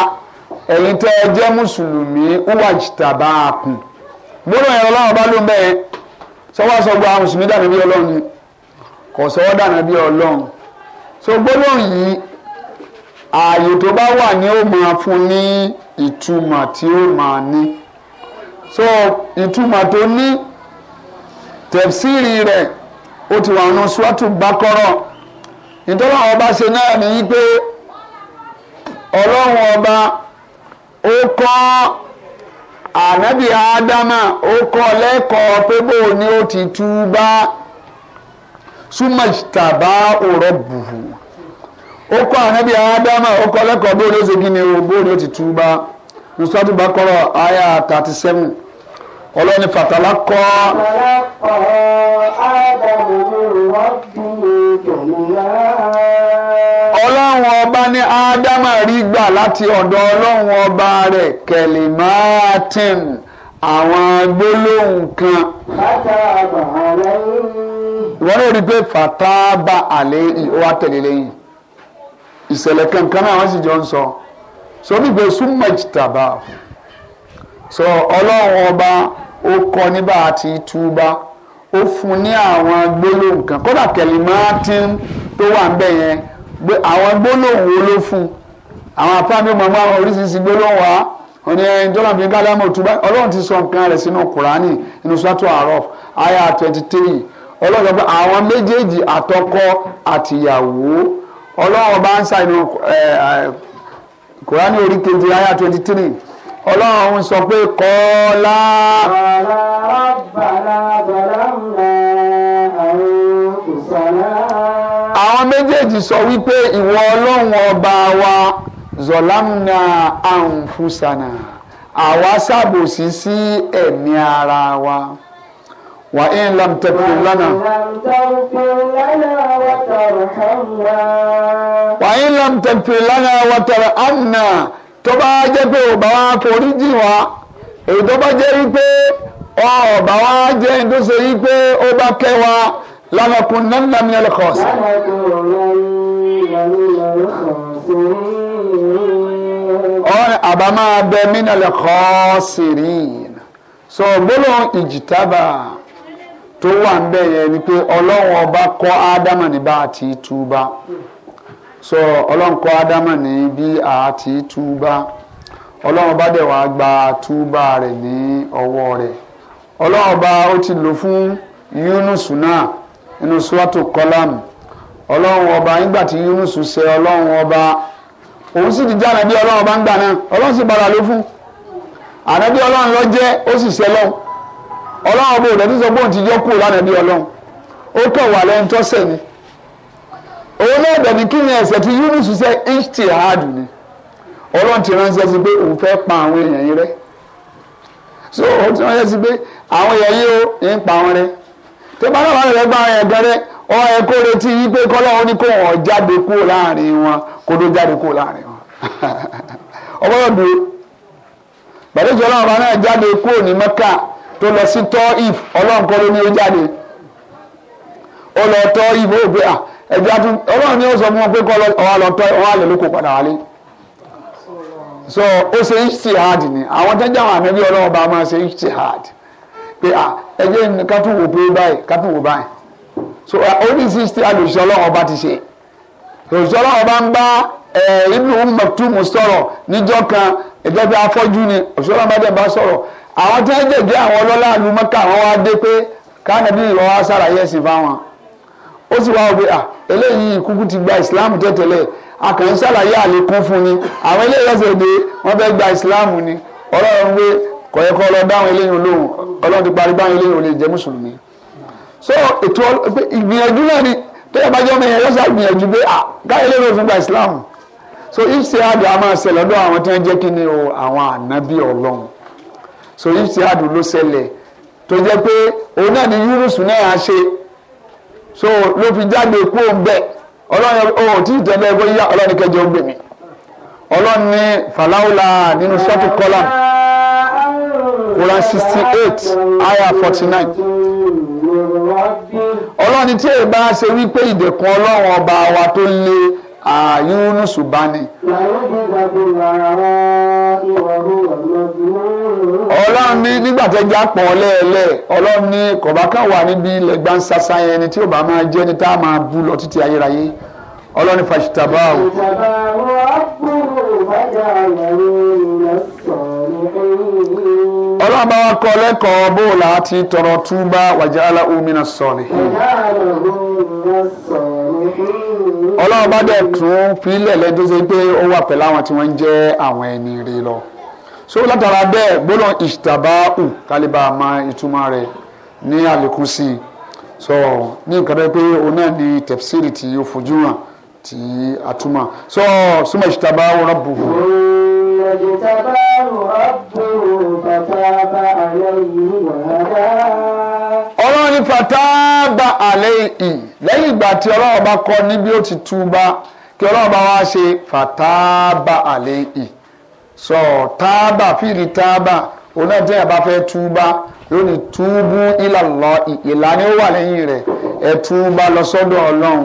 ẹ̀yin tẹ́ ẹ jẹ́ mùsùlùmí wàjìtàbá àkùn gbọ́dọ̀ yẹn ọlọ́run ọba ló ń bẹ̀ sọ́wọ́ sọ́gbà mùsùlùmí dàbí bí ọlọ́run ni kò sọ́wọ́ dànábì ọlọ́run so gbólóhùn yìí ààyè tó bá wà ní ó máa fún ní ìtumọ̀ tí ó máa ní so ìtumọ̀ tó ní tẹ̀síìrì rẹ̀ ó ti wà nù sùwàtù bákọ́rọ̀ nítorí àwọn ọba ṣe náà ní wípé ọlọ́run ọba ó kọ́ ànábì ádámà ó kọ́ lẹ́kọ̀ọ́ pé bóun ni ó ti tú bá. sumach ka baa ụrọ bụ hụ ọkọ ọrịa biara adama ọkọọlọ kọọ bụ onye ozuzo na obo onye oji ụba nso atụba kọrọ aịa 37 ọlọmịfatala kọọ. ọlọm ọba n'adama arịa ịgba lati ọdụ ọlọm ọba rị kèlè àwọn gbólóhùn kan. fataaba alayhi. wọ́n lè rí i pé fataaba alayhi ó wá tẹ̀lé lẹ́yìn ìṣẹ̀lẹ̀ kankan náà wọ́n sì jọ ń sọ so nígbà súnmọ́jì tàbá so ọlọ́run ọba ó kọ́ níbà àti túbá ó fún ní àwọn gbólóhùn kan kódà kẹlímátì tó wà ń bẹ̀ yẹn àwọn gbólóhùn wo ló fún àwọn afáàmì ọmọ ọmọ oríṣiríṣi gbólóhùn wa wọ́n ní ẹni tó làbí gálámù túbá ọlọ́run ti sọ nǹkan rẹ̀ sínú kùránì inú sọ́tò àárọ̀ àyà twenty three ọlọ́run sọ pé àwọn méjèèjì àtọkọ àtìyàwó ọlọ́run bá ń sàìnú kùránì orí kejì àyà twenty three ọlọ́run sọ pé kọ́lá. kọ́lá bàlá bàlá ńlá àwọn kùsàlá. àwọn méjèèjì sọ wípé ìwọ ọlọ́run ọba wa zọlámùnà àǹfùsànà àwa ṣàbòsí sí ẹ̀mí ara wa wà á ń lam tẹ̀kùn lánàá. wà ń lam tẹ̀kùn lánàá wà tẹ̀rẹ̀ tó bá jẹ́ pé ò wa forí jì wá èyí tó bá jẹ́ wípé ọba wa jẹ́ ẹni tó ṣe wípé ó bá kẹ́ wa lánàá kún náà nàmínà lẹ́kọ̀ọ́sì. lánàá kún náà. abama máa bẹ mínàlẹ̀ khasirin so gbólóhùn ìjìtàbà tó wà ń bẹ̀ yẹn ni pé ọlọ́run ọba kọ́ ádámà ní bá a ti so ọlọ́run kọ́ ádámà ní bí a ti ọlọ́run dẹ̀ gba túbá rẹ̀ ní ọwọ́ rẹ̀ ọlọ́run ọba ó ti fún Yunus náà suwátò kọ́lámù ọba nígbà Yunus ṣe ọlọ́run ọba. òun sì ti jẹ́ ànábì ọlọ́run bá ń gbà náà ọlọ́run sì bára ló fún ọlọ́run lọ jẹ́ ó sì ṣe lọ́hùn ọlọ́run sọ bóun ti yọ kúrò lánàbí ọlọ́run ó kàn wà lẹ́yìn tọ́sẹ̀ ni òun náà kí ni ẹ̀ṣẹ̀ tí ni ọlọ́run ti ránṣẹ́ sí pé òun fẹ́ pa àwọn èèyàn yín so òun ti ránṣẹ́ sí pé àwọn èèyàn yín ó pa tó bá náà wà ó yẹ kó retí yí pé kọ́lọ́run ní kó wọ́n jáde kúrò láàrin wọn kó tó jáde kúrò láàrin wọn ọgbọ́dọ̀ dúró gbàdéjì ọlọ́run bá náà jáde ní mẹ́kà tó lọ sí tọ́ if ọlọ́run kọ́ ló ní ó jáde ó if ó gbé à ẹ̀jẹ̀ ọlọ́run ní ó sọ fún so ó ṣe ni àwọn tó ń àmì bí ọlọ́run bá máa ṣe pé à ẹ̀jẹ̀ tún wò pé báyìí ká so oríṣiríṣi àlòṣìṣẹ́ ọlọ́run ọba ti ṣe òṣìṣẹ́ ọlọ́run ọba ń bá eh, Ibnu Maktum sọ̀rọ̀ níjọ́ kan ẹ̀jẹ̀ bí afọ́jú ni òṣìṣẹ́ ọlọ́run ọba dẹ̀ bá sọ̀rọ̀ àwọn tí wọ́n jẹ̀jẹ̀ àwọn ọlọ́lá àlù Mẹ́kà àwọn wá dé pé kánàbí ìrọ̀ wá sàlàyé ẹ̀sìn fáwọn ó sì wá wípé ah eléyìí kúkú ti gba Islam tẹ̀tẹ̀lẹ̀ akàn ṣàlàyé àlékún fún ni àwọn eléyìí ẹ̀sẹ̀ dé wọ́n fẹ́ gba Islam ni ọlọ́run wé kọ̀yẹ́kọ́ lọ dáhùn eléyìí olóhùn ọlọ́run ti parí báwọn eléyìí ò lè jẹ́ mùsùlùmí so ètò ìgbìyànjú náà ni tẹ́lẹ̀ bá jẹ́ ọmọ yẹn yóò sá gbìyànjú pé à ah, káyọ̀ lè lóògùn gba Islam so ifsihadu a máa ṣẹlẹ̀ lọ́dọ̀ àwọn tí wọ́n jẹ́ kí ni o àwọn ànábì ọlọ́run so ifsihadu ló ṣẹlẹ̀ tó jẹ́ pé òun náà ni yúrùsù náà á ṣe so ló fi jáde kú òǹbẹ ọlọ́run ò oh, tí ì tẹ́lẹ̀ ẹgbẹ́ yíyá ọlọ́run kẹjọ ó gbèmí ọlọ́run ní fàlàwùlà nínú sọ́ọ̀tù kọ́là Quran sixty eight ayah forty nine ọlọ́run ní tí èyí bá ṣe wípé ìdẹ̀kùn ọlọ́run ọba wa tó lé àyúnú ṣùgbọ́nì. ọlọ́run ní nígbà tẹ́jà pọ̀ lẹ́ẹ̀lẹ́ ọlọ́run ní kọ̀bá wà níbi ilẹ̀ gbansasa yẹn ni tí ò bá máa jẹ́ ni tá a máa bú lọ títí ayérayé ọlọ́run ní fàṣítàbáwò. fàṣítàbáwò àbúrò bàjẹ́ àyẹ̀wò ìlọsàn ọlọ́run bá wa kọ́ lẹ́kọ̀ọ́ bó o là á ti tọrọ túbá wàjà àlà omina sọ̀rọ̀. ọlọ́run bá dẹ̀ tún fílẹ̀ lẹ́jọ́ sí pé ó wà pẹ̀lú àwọn tí wọ́n ń jẹ́ àwọn ẹni rí lọ. so látara bẹ́ẹ̀ gbọ́dọ̀ ìṣtàbáù kálíbà máa ìtumọ̀ rẹ̀ ní àlékún sí i. so ní nǹkan tó pé òun náà ni tẹ̀fsíìrì tí ó fojú hàn tí a túmọ̀. so súnmọ́ ìṣtàbáù rọ́bù. ìṣtàbáù rọ́bù ọlọ́run ní fataba alayhi lẹ́yìn ìgbà tí ọlọ́run bá kọ́ ní bí ó ti túba kí ọlọ́run bá wá ṣe fataba alayhi sọ tábà fìdí tábà òun náà jẹ́ ìyàbá fẹ́ túba lónìí túbú ìlàlọ́ ìlànà ó wà lẹ́yìn rẹ̀ ẹ̀ túba lọ sọ́dọ̀ ọlọ́run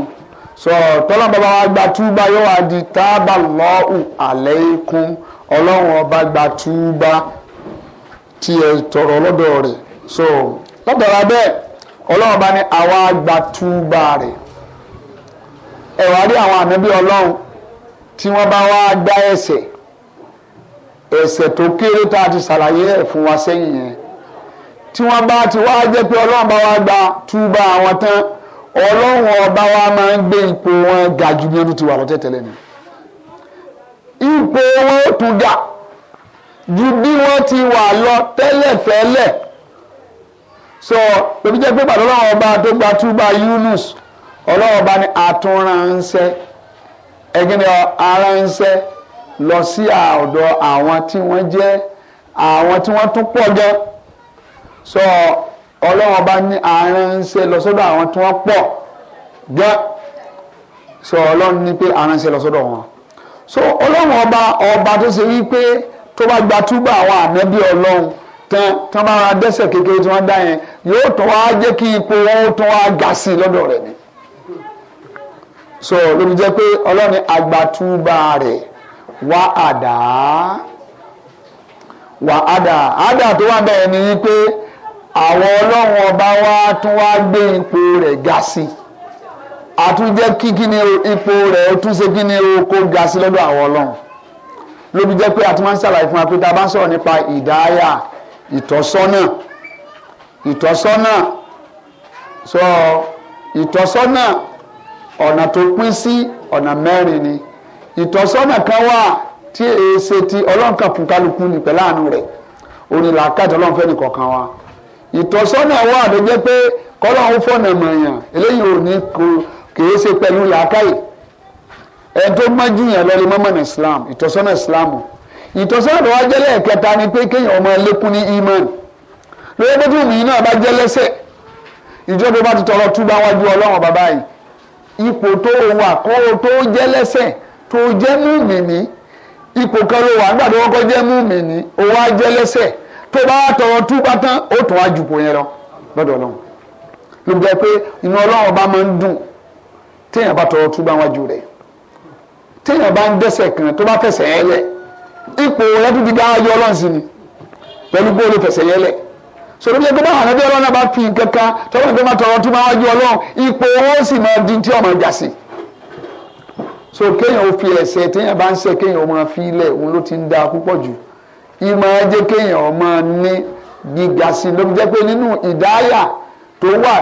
sọ tọ́lá bàbá wa gba túbá yóò wá di tábà lọ́ọ̀hùn àlẹ́ ikún ọlọ́run ọba gba túbá tí ẹ tọrọ so lọ́dọ̀ra bẹ́ẹ̀ ọlọọba bá ní àwa gba rẹ ẹwà rí àwọn ànábì ọlọ́run tí wọ́n bá wá gbá ẹ̀ṣẹ̀ ẹ̀ṣẹ̀ tó kéré tá a ti ṣàlàyé ẹ̀ fún wa yẹn tí ti wá jẹ́ pé bá wá gba túbà wọn tán ọba wa máa ń gbé ipò wọn ga ju ti wà ni ipò wọn tún ga. ju bí wọ́n ti wà lọ tẹ́lẹ̀tẹ́lẹ̀ so lóbi jẹ́ pé pàdé ọlọ́run ọba tó gba túbà Yunus ọlọ́run ọba ni àtúnránṣẹ́ ẹgbẹ́ ni aránṣẹ́ lọ sí ọ̀dọ̀ àwọn tí wọ́n jẹ́ àwọn tí wọ́n tún pọ̀ gan so ọlọ́run ọba ní aránṣẹ́ lọ sọ́dọ̀ àwọn tí wọ́n pọ̀ gan so ọlọ́run ní pé aránṣẹ́ lọ sọ́dọ̀ wọn so ọlọ́run ọba ọba tó ṣe wí pé tó bá gba túbọ̀ àwọn ànábì ọlọ́run tán tán bá ra dẹ́ṣẹ̀ kékeré tí wọ́n dá yẹn yóò tún wá jẹ́ kí ipò wọn ó tún wá ga sí i lọ́dọ̀ rẹ̀ ni. so ló fi jẹ́ pé ọlọ́run àgbàtúbà rẹ̀ wá àdá wà àdá àdá tó wà bẹ́ẹ̀ ni pé àwọn ọlọ́run ọba wa tún wá gbé ipò rẹ̀ ga sí i àtúnjẹ́ kí ipò rẹ̀ ó tún ṣe kíni ó kó ga sí lọ́dọ̀ àwọn ọlọ́run ló fi jẹ́ pé a ti máa ń ṣàlàyé fún wa pé tá a bá ń sọ̀rọ̀ nípa ìdáyà ìtọ́sọ́nà ìtọ́sọ́nà sọ ìtọ́sọ́nà ọ̀nà tó pín sí ọ̀nà mẹ́rin ni ìtọ́sọ́nà kan wà tí èyí ti ọlọ́nkà fúnkálukú ní pẹ̀lú àánú rẹ̀ òní làákàtà ọlọ́nfẹ́ nìkọ̀ọ̀kan wa ìtọ́sọ́nà wà ló jẹ́ pé kọ́lọ́hún fọ̀nà mọ̀ọ́yàn eléyìí ò ní kò kèé ṣe pẹ̀lú làákàyè ẹni tó mọ́jú yẹn lọ islam ìtọ́sọ́nà islam ìtọ́sọ́nà tó wá jẹ́ lẹ́ẹ̀kẹta ni pé kéèyàn ọmọ lékún ní iman lórí pé tí mi náà bá jẹ́ lẹ́sẹ̀ ìjọba bá ti tọrọ túbá wájú ọlọ́run bàbá yìí ipò tó wà kó tó jẹ́ lẹ́sẹ̀ tó jẹ́ múmìnì ipò kan ló wà nígbà tó kọ́kọ́ jẹ́ múmìnì ó wá jẹ́ lẹ́sẹ̀ tó bá tọrọ túbá tán ó tún wá jùpọ̀ yẹn lọ lọ́dọ̀ ọlọ́run ló jẹ́ pé inú ọlọ́run bá máa ń dùn téèyàn bá tọrọ túbá wájú rẹ̀ téèyàn bá ń dẹ́ṣẹ̀ kan tó bá fẹsẹ̀ yẹn lẹ̀ ipò rẹ tó ti gbá ayé ọlọ́run sí ni pẹ̀lú bó ló fẹsẹ̀ yẹn lẹ̀ sọ̀rọ̀ bí ẹgbẹ́ àwọn ẹbí ọlọ́run náà bá fi kankan tọ́wọ́n tó máa tọrọ tó máa wájú ọlọ́run ipò wọn sì máa di tí ọmọ ìjà sí. so kéèyàn ó fi ẹ̀ṣẹ̀ téèyàn bá ń ṣẹ̀ kéèyàn ó máa fi ilẹ̀ òun ló ti ń da púpọ̀ jù ìmọ̀ ẹjẹ́ kéèyàn ó máa ní gíga sí ló jẹ́ pé nínú ìdáyà tó wà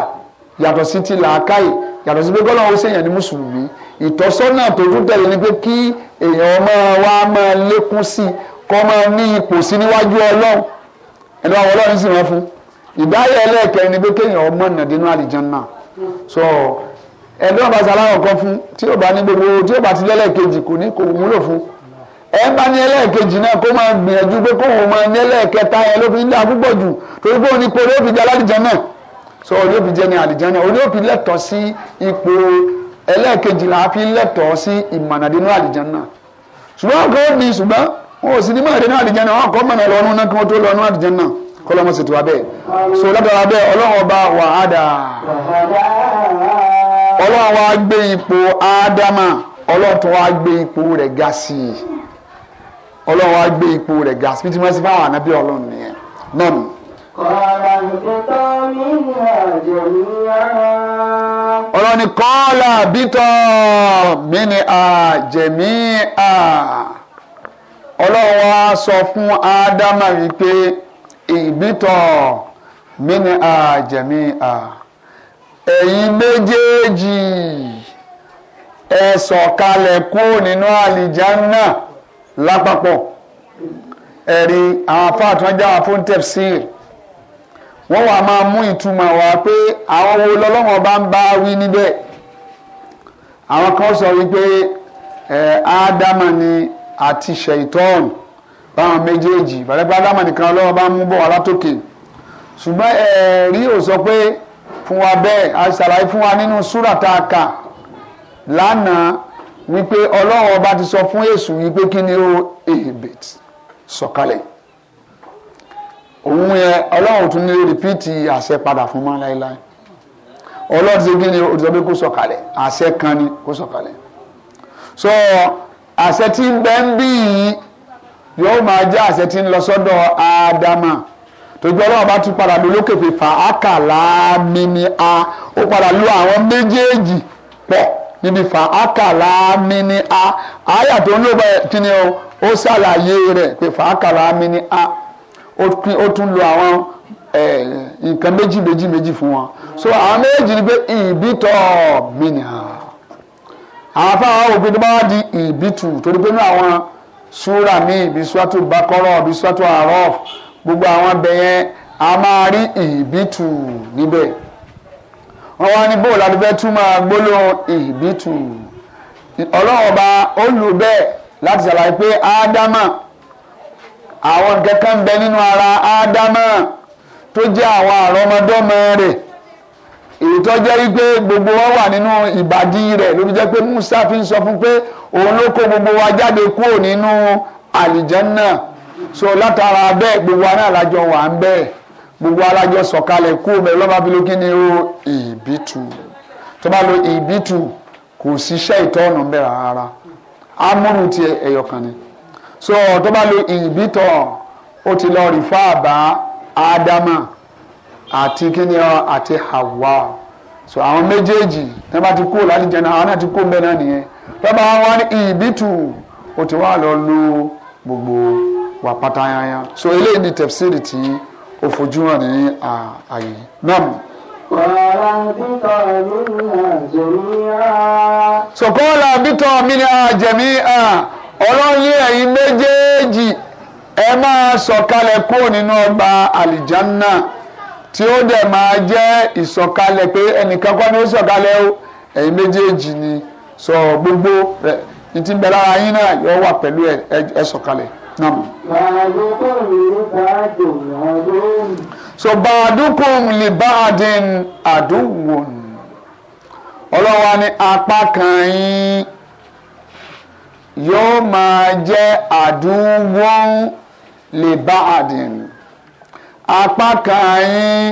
yàtọ̀ sí ti làákàyè yàtọ̀ sí pé gbọ́dọ̀ ó ní mùsùlùmí ìtọ́sọ́nà tó tún tẹ̀lé ni pé kí èèyàn máa wá máa lékún sí i kọ́ máa ní ipò sí níwájú ọlọ́run ẹni wọn ọlọ́run sì wọ́n fún ìdáyẹ̀ ẹlẹ́ẹ̀kẹrin ni pé kéèyàn mọ̀nà dínú àlìjánná so ẹni wọn bá sàlárọ̀ kan fún tí yóò bá ní gbogbo tí yóò bá ti lẹ́lẹ́kejì kò ní kò wúlò fún ẹ bá ní ẹlẹ́ẹ̀kejì náà kó máa gbìyànjú pé kó òun máa ní ẹlẹ́ẹ̀kẹta yẹn ló fi ń dá púpọ̀ jù torí pé òun olóòfin jẹ́ alálìjánná so olóòfin jẹ́ ní àlìjánná olóòfin lẹ́tọ̀ọ́ sí ipò ẹlẹ́ẹ̀kejì la fi lẹ́tọ̀ọ́ sí ìmọ̀nàdínú àlìjánná ṣùgbọ́n àgọ́ ni ṣùgbọ́n wọn ò sì ní mọ̀nàdínú àlìjánná wọn kọ́ mọ̀nà lọ́nu náà kí wọ́n tó lọ́nu àlìjánná kọ́ lọ́mọ sì tó wa bẹ́ẹ̀ so lọ́dọ̀ wa bẹ́ẹ̀ ọlọ́run ọba wàhádà ọlọ́run wa gbé ipò ádámà ọlọ́run tó wa gbé ipò rẹ̀ ga sí i ọlọ́run wa gbé ipò rẹ̀ ga sí i bí tí wọ́n ti fáwọn ànábì ọlọ́run nìyẹn náà nù ọ̀rọ̀ ni kọ́ọ̀lá bítọ̀ mí ni àjẹ̀mí à ọlọ́run wa sọ fún ádámà wípé ìbítọ̀ mí ni àjẹ̀mí à ẹ̀yin méjèèjì ẹ sọ̀kalẹ̀ kúrò nínú àlìjánná lápapọ̀ ẹ̀rí àwọn afáàtúnjá fún tẹ̀síìrì wọ́n wá máa mú ìtumọ̀ wá pé àwọn wo lọ́lọ́wọ́n bá ń bá wí níbẹ̀ àwọn kan sọ wípé ẹ ádámà ni àti ṣèitọ́ọ̀nù báwọn méjèèjì bàtẹ́pẹ́ ádámà nìkan lọ́wọ́ bá ń mú bọ̀ wá látòkè ṣùgbọ́n ẹ̀ẹ́rí ò sọ pé fún wa bẹ́ẹ̀ a ṣàlàyé fún wa nínú súrà tá a kà lánàá wípé ọlọ́run ọba ti sọ fún èṣù wípé kí ni ó èbèt sọ̀kalẹ̀. So òun yẹn ọlọ́run tún ní rìpíìtì àṣẹ padà fún mọ́ láéláé ọlọ́run ti gbé ní òtítọ́ pé kó sọ̀kalẹ̀ àṣẹ kan ni kó sọ̀kalẹ̀ so àṣẹ tí ń bẹ ń bí yìí yóò máa jẹ́ àṣẹ tí ń lọ sọ́dọ̀ ádámà tójú ọlọ́run bá tún padà lò lókè fèfà ákàlà mímí a ó padà lo àwọn méjèèjì pọ̀ níbi fà ákàlà mímí a àyà tó ń lò bẹ́ẹ̀ kí ni o ó ṣàlàyé rẹ̀ pé fà ákàlà mímí ó tún lo àwọn eh, nǹkan méjì méjì méjì fún wọn so àwọn méjì ni pé ìbítọ̀ mìíràn àwọn afáwọn òbí tó bá wá di ìbítù torí pé ní àwọn súra míì bí suwátò bakọ́rọ̀ bí suwátò àárọ̀ gbogbo àwọn abẹ yẹn a máa rí ìbítù níbẹ̀ wọ́n wá ní bóòlù àti fẹ́ túmọ̀ gbólóhùn ìbítù ọlọ́run ọba ó lù bẹ́ẹ̀ láti ṣàlàyé pé ádámà àwọn nǹkan kan bẹ nínú ara ádámà tó jẹ́ àwọn àrọ́mọdọ́mọ rẹ̀ èyí tó jẹ́ wípé gbogbo wa wà nínú ìbàdí rẹ̀ ló fi jẹ́ pé Musa fi ń sọ fún pé òun ló kó gbogbo wa jáde kúrò nínú àlìjánná so látara bẹ́ẹ̀ gbogbo wa náà lájọ wà ń bẹ́ẹ̀ gbogbo alájọ sọ̀kalẹ̀ kú bẹ́ẹ̀ lọ́ba bí ló kí ni o ìbítú tó bá lo ìbítú kò síṣẹ́ ìtọ́nù bẹ́ẹ̀ rárá amúrù tiẹ̀ ẹ̀yọkàn so tó bá lo ìbítọ̀ ó ti lọ rìfá àbá ádámà àti kíni ọ àti Hawa so àwọn méjèèjì tó bá ti kú láti jẹun àwọn náà ti kú mbẹ náà nìyẹn tó bá wá ní ìbítù ó ti wá lọ lo gbogbo wà pátáyáyá so eléyìí ni tẹ̀síìrì tí ó fojú hàn ní àyè náà so kọ́lá bítọ̀ mi ni àjẹmí à. ọlọ́run ẹ̀yin méjèèjì ẹ máa sọ̀kalẹ̀ kúrò nínú ọgbà àlìjánná tí ó dẹ̀ máa jẹ́ ìsọ̀kalẹ̀ pé ẹnìkan kọ́ ni ó sọ̀kalẹ̀ o ẹ̀yin méjèèjì ni sọ gbogbo rẹ̀ ní ti ń bẹ lára yín náà yóò wà pẹ̀lú ẹ sọ̀kalẹ̀ náà. so bàdúkùn lè bá àdín ọlọ́wà apá kan yín. yóò máa jẹ́ àdúwọ́n lè bá àdìn apá kan yín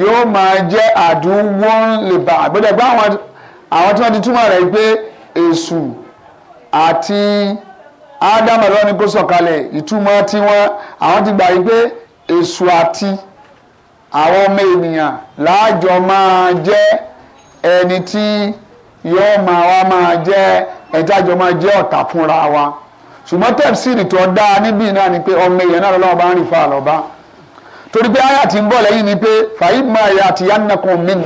yóò máa jẹ́ àdúwọ́n lè bá àgbẹ̀dẹ̀ gbọ́ àwọn àwọn tí wọ́n ti túmọ̀ rẹ̀ pé èṣù àti ádámù lọ́wọ́ ni kò sọ̀kalẹ̀ ìtumọ̀ tiwọn àwọn ti gbà yí pé èṣù àti àwọn ọmọ ènìyàn láàjọ máa jẹ́ ẹni tí yóò máa wá máa jẹ́ ẹ̀já jọ máa jẹ́ ọ̀tá fúnra wa ṣùgbọ́n tẹ̀síìrì tó dáa níbí náà ni pé ọmọ èèyàn náà lọ́wọ́ bá ń rìn fa àlọ́bá torí pé àyà tí ń bọ̀ lẹ́yìn ni pé fàyí máa yà àti yánnakùn mí nù.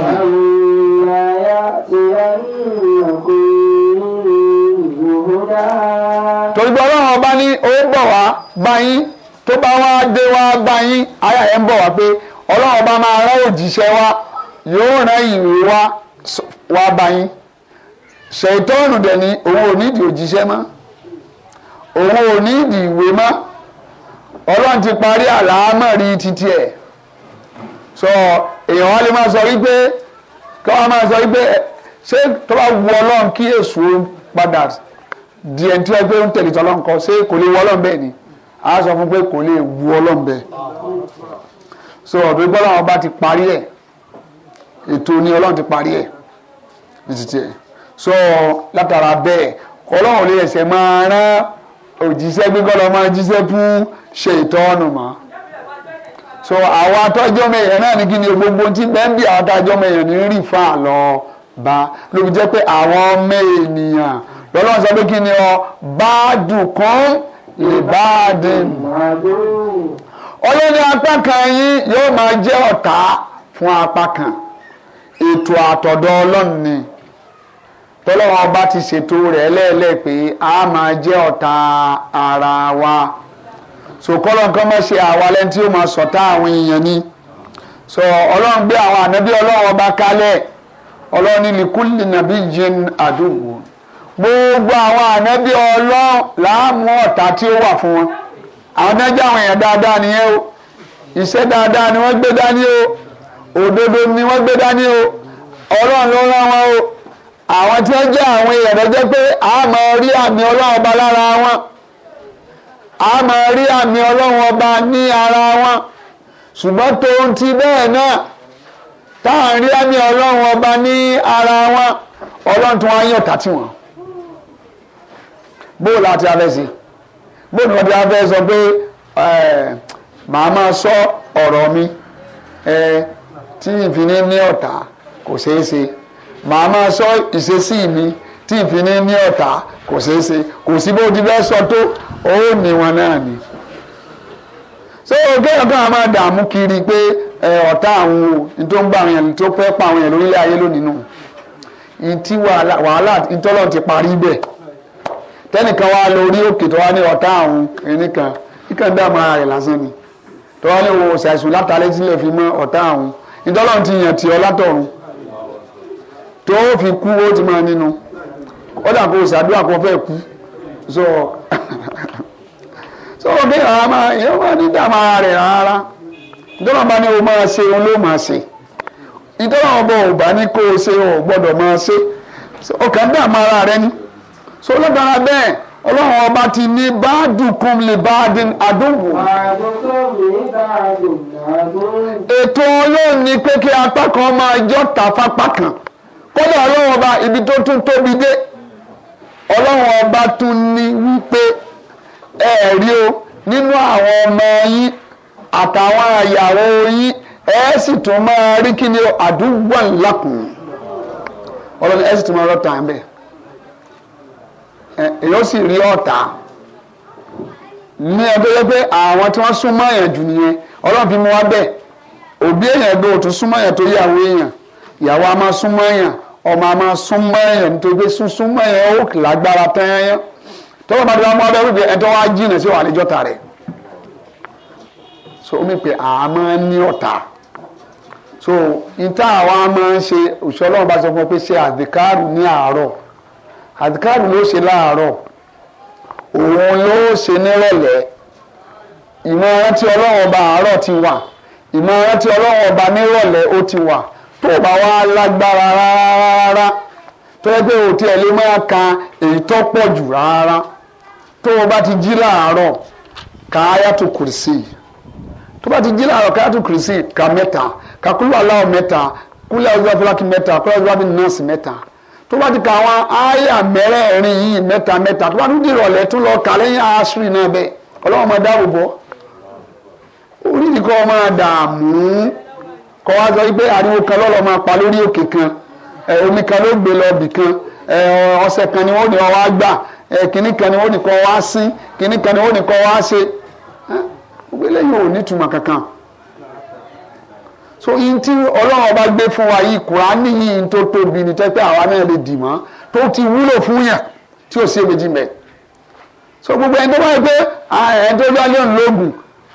torí pé ọlọ́run ọba ní ó bọ̀ wá báyìí tó bá wá dé wá báyìí àyà yẹn ń bọ̀ wá pé ọlọ́run ọba máa rán òjíṣẹ́ wa yóò rán ìwé wa wá báyìí ṣètọ́nù dẹ̀ ni òun ò nídìí òjíṣẹ́ mọ́ òun ò nídìí ìwé mọ́ ọlọ́run ti parí àlámọ̀rí títí ẹ̀ sọ èèyàn wa lè máa sọ wípé kí wọ́n máa sọ wípé ṣé tó bá wu ọlọ́run kí èso padà di ẹni tí wọ́n gbé ń tẹ̀lé tọ́lọ́run kọ ṣé kò lè wu ọlọ́run bẹ́ẹ̀ ni a sọ fún pé kò lè wu ọlọ́run bẹ́ẹ̀ so ọ̀dọ́ gbọ́dọ̀ àwọn bá ti parí ẹ̀ ètò ni ọlọ́run ti parí ẹ̀ ní títí ẹ̀ so látara bẹ́ẹ̀ ọlọ́run lè ẹsẹ̀ máa rán òjíṣẹ́ gbígbọ́ lọ máa jíṣẹ́ fún ṣètọ́nù mọ́ so àwọn atọ́jọ́ mẹ́yẹn náà ní kí ni gbogbo tí bẹ́ńbì àwọn atọ́jọ́ mẹ́yẹn ní rí fún àlọ́ bá ló fi jẹ́ pé àwọn ọmọ ènìyàn lọ́lọ́run sọ pé kí ni ọ bá dùn kán lè bá apá kan yín yóò máa jẹ́ ọ̀tá fún apá kan ètò àtọ̀dọ̀ ọlọ́run ni tọ́lọ́wọ́n ọba ti ṣètò rẹ̀ lẹ́ẹ̀lẹ́ pé a máa jẹ́ ọ̀tá ara wa so kọ́lọ́nkán mọ̀ ṣe àwa lẹ́ni tí ó máa ṣọ̀tá àwọn èèyàn ni so ọlọ́run gbé àwọn ànábí ọlọ́run ọba kalẹ̀ ọlọ́run ní likuli nàbí jin àdúgbò gbogbo àwọn ànábí ọlọ́run láàmú ọ̀tá tí ó wà fún wọn àwọn àwọn èèyàn dáadáa nìyẹn o iṣẹ́ dáadáa ni wọ́n gbé dání o òdodo ni wọ́n gbé dání o ọlọ́run ló rán wọn o. àwọn tí wọ́n àwọn èèyàn pé a máa rí àmì ọlọ́run ọba lára wọn a máa rí àmì ọlọ́run ọba ní ara wọn ṣùgbọ́n tóun ti bẹ́ẹ̀ náà tá à ń rí àmì ọlọ́run ọba ní ara wọn ọlọ́run tí wọ́n á yàn kàtí wọn sọ pé màá máa màá máa sọ ìṣesí mi tí ìfini ní ọ̀tá kò ṣeé ṣe kò sí bó ti fẹ́ sọ tó ó ní wọn náà ni. ṣé kéèyàn kan máa dààmú kiri pé ọ̀tá àwọn o ní tó ń gbà àwọn yẹn tó fẹ́ pa àwọn yẹn lórílẹ̀ ayé lónìí nù ìtí wàhálà ìtọ́lọ́ ti parí bẹ́ẹ̀ tẹ́nìkan wá lórí òkè tó wá ní ọ̀tá àwọn ẹnìkan kíkàn dààmú ara rẹ̀ lásán ni tó wá ní òwò ṣàìsùn látàlẹ́ sílẹ̀ fi mọ́ ọ̀tá àwọn ìtọ́lọ́ ti yàn tì ọ́ látọ̀run tó o fi kú o ti máa nínú ó dà kó o ṣàdúrà kó o fẹ́ kú so so òkè rárá máa èèyàn máa ní dààmú ara rẹ̀ rárá ìjọba bá ní o máa ṣe òun ló máa ṣe ìjọba ọba ò bá ní kó o ṣe o gbọ́dọ̀ máa ṣe ọkàn dààmú ara rẹ ni so lọ́gbàrá bẹ́ẹ̀ ọlọ́run ọba ti ní báàdùkún lè báàdín àdúgbò. ètò ọlọ́run ni pé kí apá kan máa jọ́ ta fapá kan. kódà ọlọ́run ọba ibi tó tún tóbi dé ọlọ́run ọba tún ní wípé ẹ rí o nínú àwọn ọmọ àtàwọn àyàwó yín ẹ sì tún máa rí kí ni àdúgbò ńlá kù ọlọ́run ẹ sì tún máa rọ́ta ń sì rí ọ̀tá ní ẹgbẹ́ yẹn àwọn tí wọ́n súnmọ́ èèyàn jù nìyẹn ọlọ́run fi mú ọmọ àmọ́ súnmọ́ èèyàn nítorí pé súnmọ́ èèyàn ó lágbára tẹ́yẹ́yẹ́ tọ́wọ́ bá ti wá mọ́ ọdẹ wípé ẹ̀tọ́ wá jìnnà sí wàá níjọ́ta rẹ̀ so omi pé àmọ́ ní ọ̀tá so ìta àwa máa ń ṣe òṣìṣẹ́ ọlọ́run bá sọ fún ọ pé ṣe àdìkárù ní àárọ̀ àdìkárù ló ṣe láàárọ̀ òun ló ṣe nírọ̀lẹ́ ìmọ̀ ọ̀rán tí ọlọ́run ọba àárọ̀ ti wà ìmọ̀ ọ̀rán tí ọlọ́run ọba nírọ̀lẹ́ ó ti wà tó o bá wá lágbára rárá tó yẹ pé o tiẹ̀ lè máa ka èyí tó pọ̀ jù rárá tó o bá ti jí láàárọ̀ ka ayatu kùrìsì tó bá ti jí láàárọ̀ ka ayatu kùrìsì ka mẹ́ta ka kúlù aláwọ̀ mẹ́ta kúlù ọjọ́ fúlákì mẹ́ta kúlù ọjọ́ bí nọ́ọ̀sì mẹ́ta tó bá ti ka àwọn àyà mẹ́rẹ̀ẹ̀rin yìí mẹ́ta mẹ́ta tó bá tún dìrọ̀lẹ́ tún lọ kà lẹ́yìn asiri náà bẹ́ẹ̀ ọlọ́wọ́n máa dáàbò bọ́ orí nìkan máa dààmú kọ́ wá sọ pé ariwo kan lọ́lọ́ máa pa lórí òkè kan omi kan ló gbé lọ bì kan ọṣẹ kan ni wọ́n ní ọwọ́ á gbà kínní kan ni wọ́n ní kọ́ wá sí kínní kan ni wọ́n ní kọ́ wá ṣe gbogbo eléyìí ò ní ìtumọ̀ kankan so yín tí ọlọ́run ọba gbé fún wa yìí Kùránì yìí tó tóbi ní tẹ́tẹ́ àwa náà lè dì mọ́ tó ti wúlò fún yàn tí ò sí èméjì mẹ́ so gbogbo ẹni tó bá yẹ pé ẹni tó bá yẹ ń lóògùn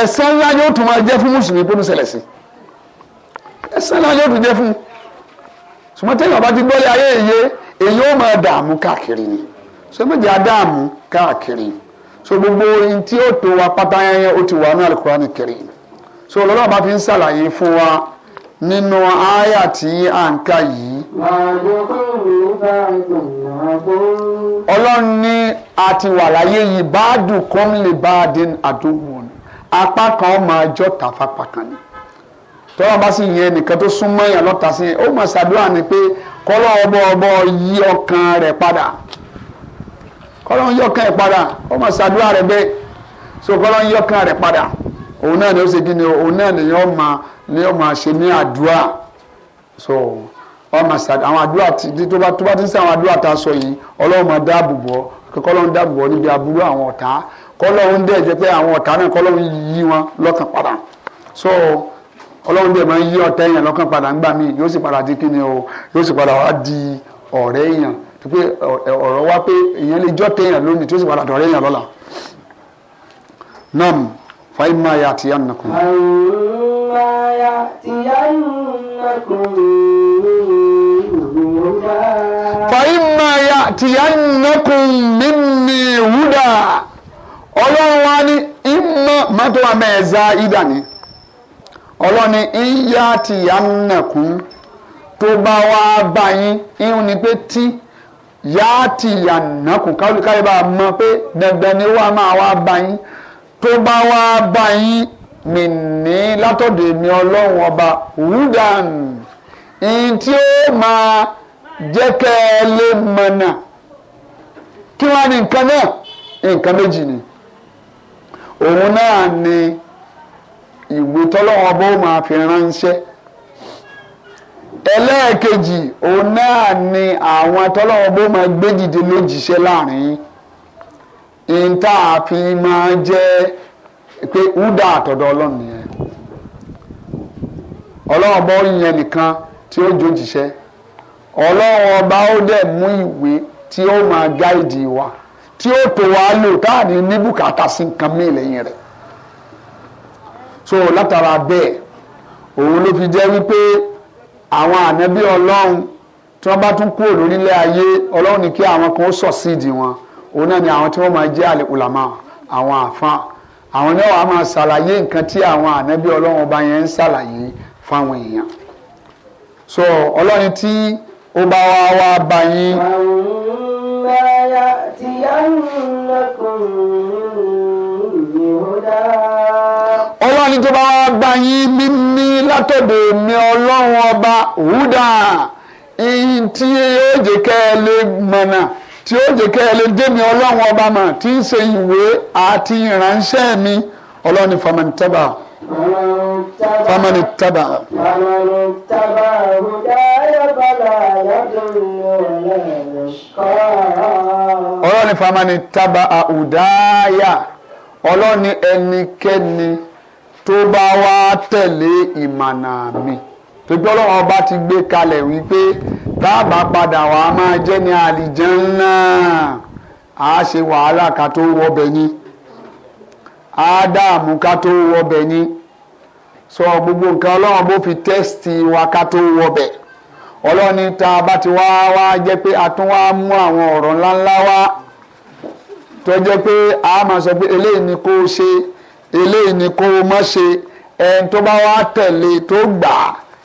ẹ̀sẹ̀ ńlá ni ó tún máa jẹ́ fún mùsùlùmí pé ó ń ṣẹlẹ̀ sí ẹ̀sẹ̀ ńlá ni ó tún jẹ́ fún ṣùgbọ́n téèyàn bá ti gbọ́lé ayé èyí èyí ó máa dààmú káàkiri ni ṣé méjì á káàkiri so gbogbo ohun tí ó tó wa pátá yẹn ó ti wà ní Al-Qur'an so lọ́dọ̀ bá fi ń ṣàlàyé fún wa nínú àyà tí à ń kà yìí. ọlọ́run ní a wà láyé yìí bá dùn kọ́ńlé bá dín àdúgbò apá kan máa jọ́ta fapá kan ni tọ́wọ́ bá sì yẹn ẹnìkan tó súnmọ́ èèyàn lọ́ta sí ó mọ̀ ṣàdúrà ni pé kọ́lọ́ ọbọ̀ ọbọ̀ yí ọkàn rẹ̀ padà kọ́lọ́ yí ọkàn rẹ̀ padà ó mọ̀ ṣàdúrà rẹ̀ bẹ́ẹ̀ so kọ́lọ́ yí ọkàn rẹ̀ padà òun náà ni ó ṣe kí ni òun náà ni yóò máa ni yóò máa ṣe ní àdúrà so ọmọ ṣàdúrà àwọn àdúrà tó bá tó bá ti ń sẹ àwọn àdúrà tá a sọ yìí ọlọ́run máa dáàbò bọ́ kọ́lọ́run kọ́lọ́hún dẹ̀ jẹ́ pé àwọn ọ̀tá náà kọ́lọ́hún yí wọn lọ́kàn padà so ọlọ́run dẹ̀ máa ń yí ọ̀tá èèyàn lọ́kàn padà ńgbà míì yóò sì padà di kíni o yóò sì padà wá di ọ̀rẹ́ èèyàn pé ọ̀rọ̀ wá pé èèyàn lè jọ́ téèyàn lónìí tí sì padà dọ̀rẹ́ èèyàn lọ́la nam fàìmà ya ti yàn nàkùn. fàìmà ya ti yàn nàkùn. fàìmà ya ti yàn nàkùn mímì wúdà. ọlọ́run wa ní ìmọ̀ mọ́tò wa mẹ́ẹ̀ za ni ọlọ́run ní ìyá ti ìyá tó bá wá bá yín ìhun ni pé tí ti ìyá nàkún bá mọ̀ pé dandan ni máa wá bá yín tó bá wá bá yín ọba wúdàn ìhun tí ó máa jẹ́ kẹ́ ẹ mọ̀nà kí wọ́n á ní nǹkan òun náà ni ìwé tọ́lọ́wọ́n bó máa fi ránṣẹ́ ẹlẹ́ẹ̀kejì òun náà ni àwọn tọ́lọ́wọ́n bó máa gbé dìde lójíṣẹ́ láàrin ìta àfi máa jẹ́ pé húdà àtọ̀dọ̀ ọlọ́run nìyẹn ọlọ́run bó yẹn nìkan tí ó jójíṣẹ́ ọlọ́run ọba ó dẹ̀ mú ìwé wa. tí ó tó wá lò táàní ní sí nǹkan mí lẹ́yìn rẹ̀ so látara bẹ́ẹ̀ òun ló fi jẹ́ wípé àwọn ànábí ọlọ́run tí wọ́n bá tún kúrò lórílẹ̀ ayé ọlọ́run ní kí àwọn kan ó sọ̀síìdì wọn òun náà ni àwọn tí wọ́n máa jẹ́ àlè ulama àwọn àfáà àwọn náà wàá máa ṣàlàyé nǹkan tí àwọn ànábí ọlọ́run ọba yẹn ń ṣàlàyé fáwọn èèyàn so ọlọ́run tí ó bá wá wá bá yín. فإما يأتينكم مني هدى ọlọ́ni tó bá wá gbà yín mímí látọ̀dọ̀ mi ọlọ́run ọba húdà ìyìn tí yóò jẹ́ kẹ́ ẹ lè mọ̀nà tí yóò jẹ́ kẹ́ ẹ lè démi ọlọ́run ọba mà tí ń ṣe ìwé àti ìránṣẹ́ mi ọlọ́ni famani tábà. famani tábà. famani tábà húdà yóò bá la yàtọ̀ ìwọ̀n náà ọlọ́ni famani taba àhùdáyà ọlọ́ni ẹnikẹ́ni tó bá wá tẹ̀lé ìmọ̀nà mi tó gbọ́ ọlọ́run ọba ti gbé kalẹ̀ wípé tá a bá padà wá máa jẹ́ ní àlìjánná a ṣe wàhálà ká tó wọbẹ̀ yín ádámù ká tó wọbẹ̀ yín sọ gbogbo nǹkan ọlọ́run bó fi tẹ́sítì wa ká tó wọbẹ̀ yín ọlọ́ni tá a bá ti wá wá jẹ́ pé a tún wá mú àwọn ọ̀rọ̀ ńláńlá wá tó jẹ́ pé a máa sọ pé eléyìí ni kó o ṣe eléyìí ni kó o má ṣe ẹni tó bá wá tẹ̀lé tó gbà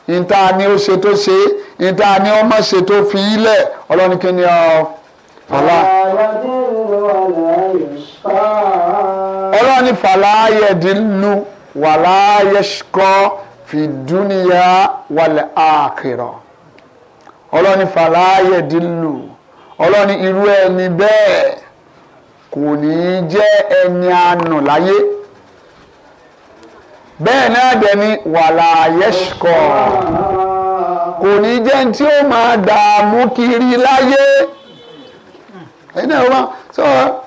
níta ni ó ṣe tó ṣe níta ni ó má ṣe tó fi í lẹ̀ ọlọ́ni kí ni ọ. fàlà ọlọ́ni fàlà ayẹ̀dínlù wàlà ayẹ̀ṣkọ́ fìdúnìyà wàlẹ̀ àkìrọ̀ ọlọ́ni fàlàyé dìlù ọlọ́ni irú ẹni bẹ́ẹ̀ kò ní í jẹ́ ẹni àánú láyé bẹ́ẹ̀ náà dẹ̀ ni wàlàyé ṣkọ̀ kò ní í jẹ́ tí ó máa dààmú kiri láyé ẹni náà wọ́n so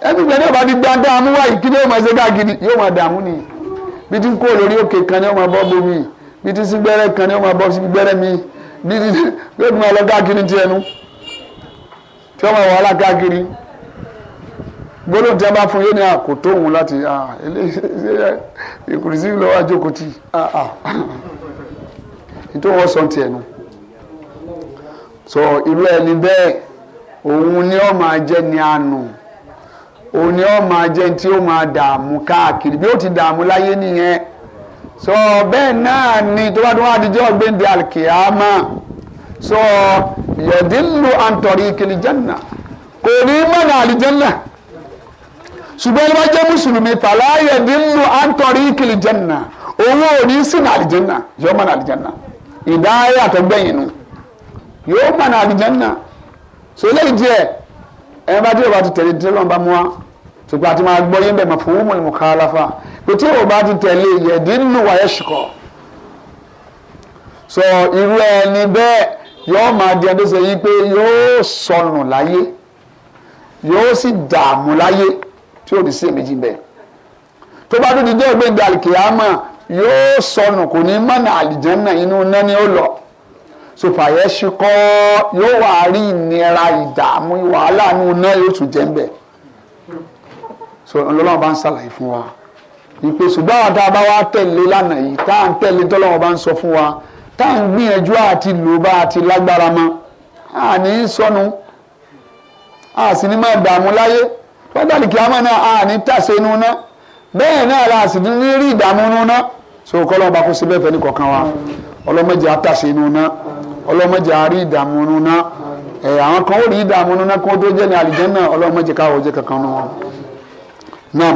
ẹni gbẹ́ náà bá ti gbá dààmú wáyé kí ni ó máa ṣe káàkiri yóò máa dààmú nìyí bí ti ń kó lórí òkè kan ni ó máa bọ́ bomi bí ti sí gbẹ́rẹ́ kan ni ó máa bọ́ sí gbẹ́rẹ́ mi dídí yóò tún máa lọ káàkiri ti ẹnu tí wọ́n máa wọ wàhálà káàkiri gbólóhùn tí wọ́n bá fún yóò ní àkó tó òun láti ìkùrìsí lọ́wọ́ àjókòtì nítorí wọ́n sọ ti ẹnu so irú ẹni bẹ́ẹ̀ òun ni ó máa jẹ́ ni àánú òun ni ó máa jẹ́ tí ó máa dààmú káàkiri bí ó ti dààmú láyé nìyẹn so bẹ́ẹ̀ náà ni tó bá tó wá di jọ́ gbéǹde alikiyama so yẹ̀dínlù àǹtọ̀rí kìlìjánà kò ní mọ̀nà àlìjánà ṣùgbọ́n ẹni bá jẹ́ mùsùlùmí fàlà yẹ̀dínlù àǹtọ̀rí kìlìjánà owó ò ní sínú àlìjánà yóò mọ̀nà àlìjánà ìdáyà tó gbẹ̀yìn nu yóò mọ̀nà àlìjánà so eléyìí díẹ̀ ẹni bá tí yóò bá ti tẹ̀lé tí lọ́nba mú wa ṣùgbọ́n àti máa gbọ́ yín bẹ́ẹ̀ mọ̀ fún mọ̀lẹ́mù tí o bá ti tẹ̀lé yẹ̀dí lù wáyé ṣùkọ̀ sọ irú ẹni bẹ́ẹ̀ yóò máa di ẹni tó ṣe yí pé yóò sọnù láyé yóò sì dààmú láyé tí ò ní sí èméjì bẹ́ẹ̀ tó bá dúdú dé ògbéǹde àlìkìyàmọ̀ yóò sọnù kò ní mọ̀nà àlìjẹ́nà inú iná ni ó lọ sòfàyẹ́ ṣùkọ́ yóò wà rí ìnira ìdààmú wàhálà inú iná yóò tún jẹ́ ń bẹ̀ so ọlọ́run bá ń ṣàlàyé fún wa ìpè ṣùgbọ́n àwọn tá a bá wá tẹ̀lé lánàá yìí tá à ń tẹ̀lé tọ́lọ́wọ́ bá ń sọ fún wa tá à ń gbìyànjú àti lò bá a ti lágbára mọ́ a ní sọnù a sì ní máa dààmú láyé fọ́tàlì kìámọ́ náà a ní tàṣe inú náà bẹ́ẹ̀ náà la sì ní rí ìdààmú inú náà so kọ́lọ́wọ́ bá kó sí bẹ́ẹ̀ fẹ́ni kọ̀ọ̀kan wa ọlọ́mọdé àtàṣe inú náà ọlọ́mọdé àárí ìdààmú inú náà ẹ̀ àwọn kan ó rí ìdààmú inú náà kó tó jẹ́ ní àlìjẹ́ náà ọlọ́mọdé káwọ́ jẹ́ kankan náà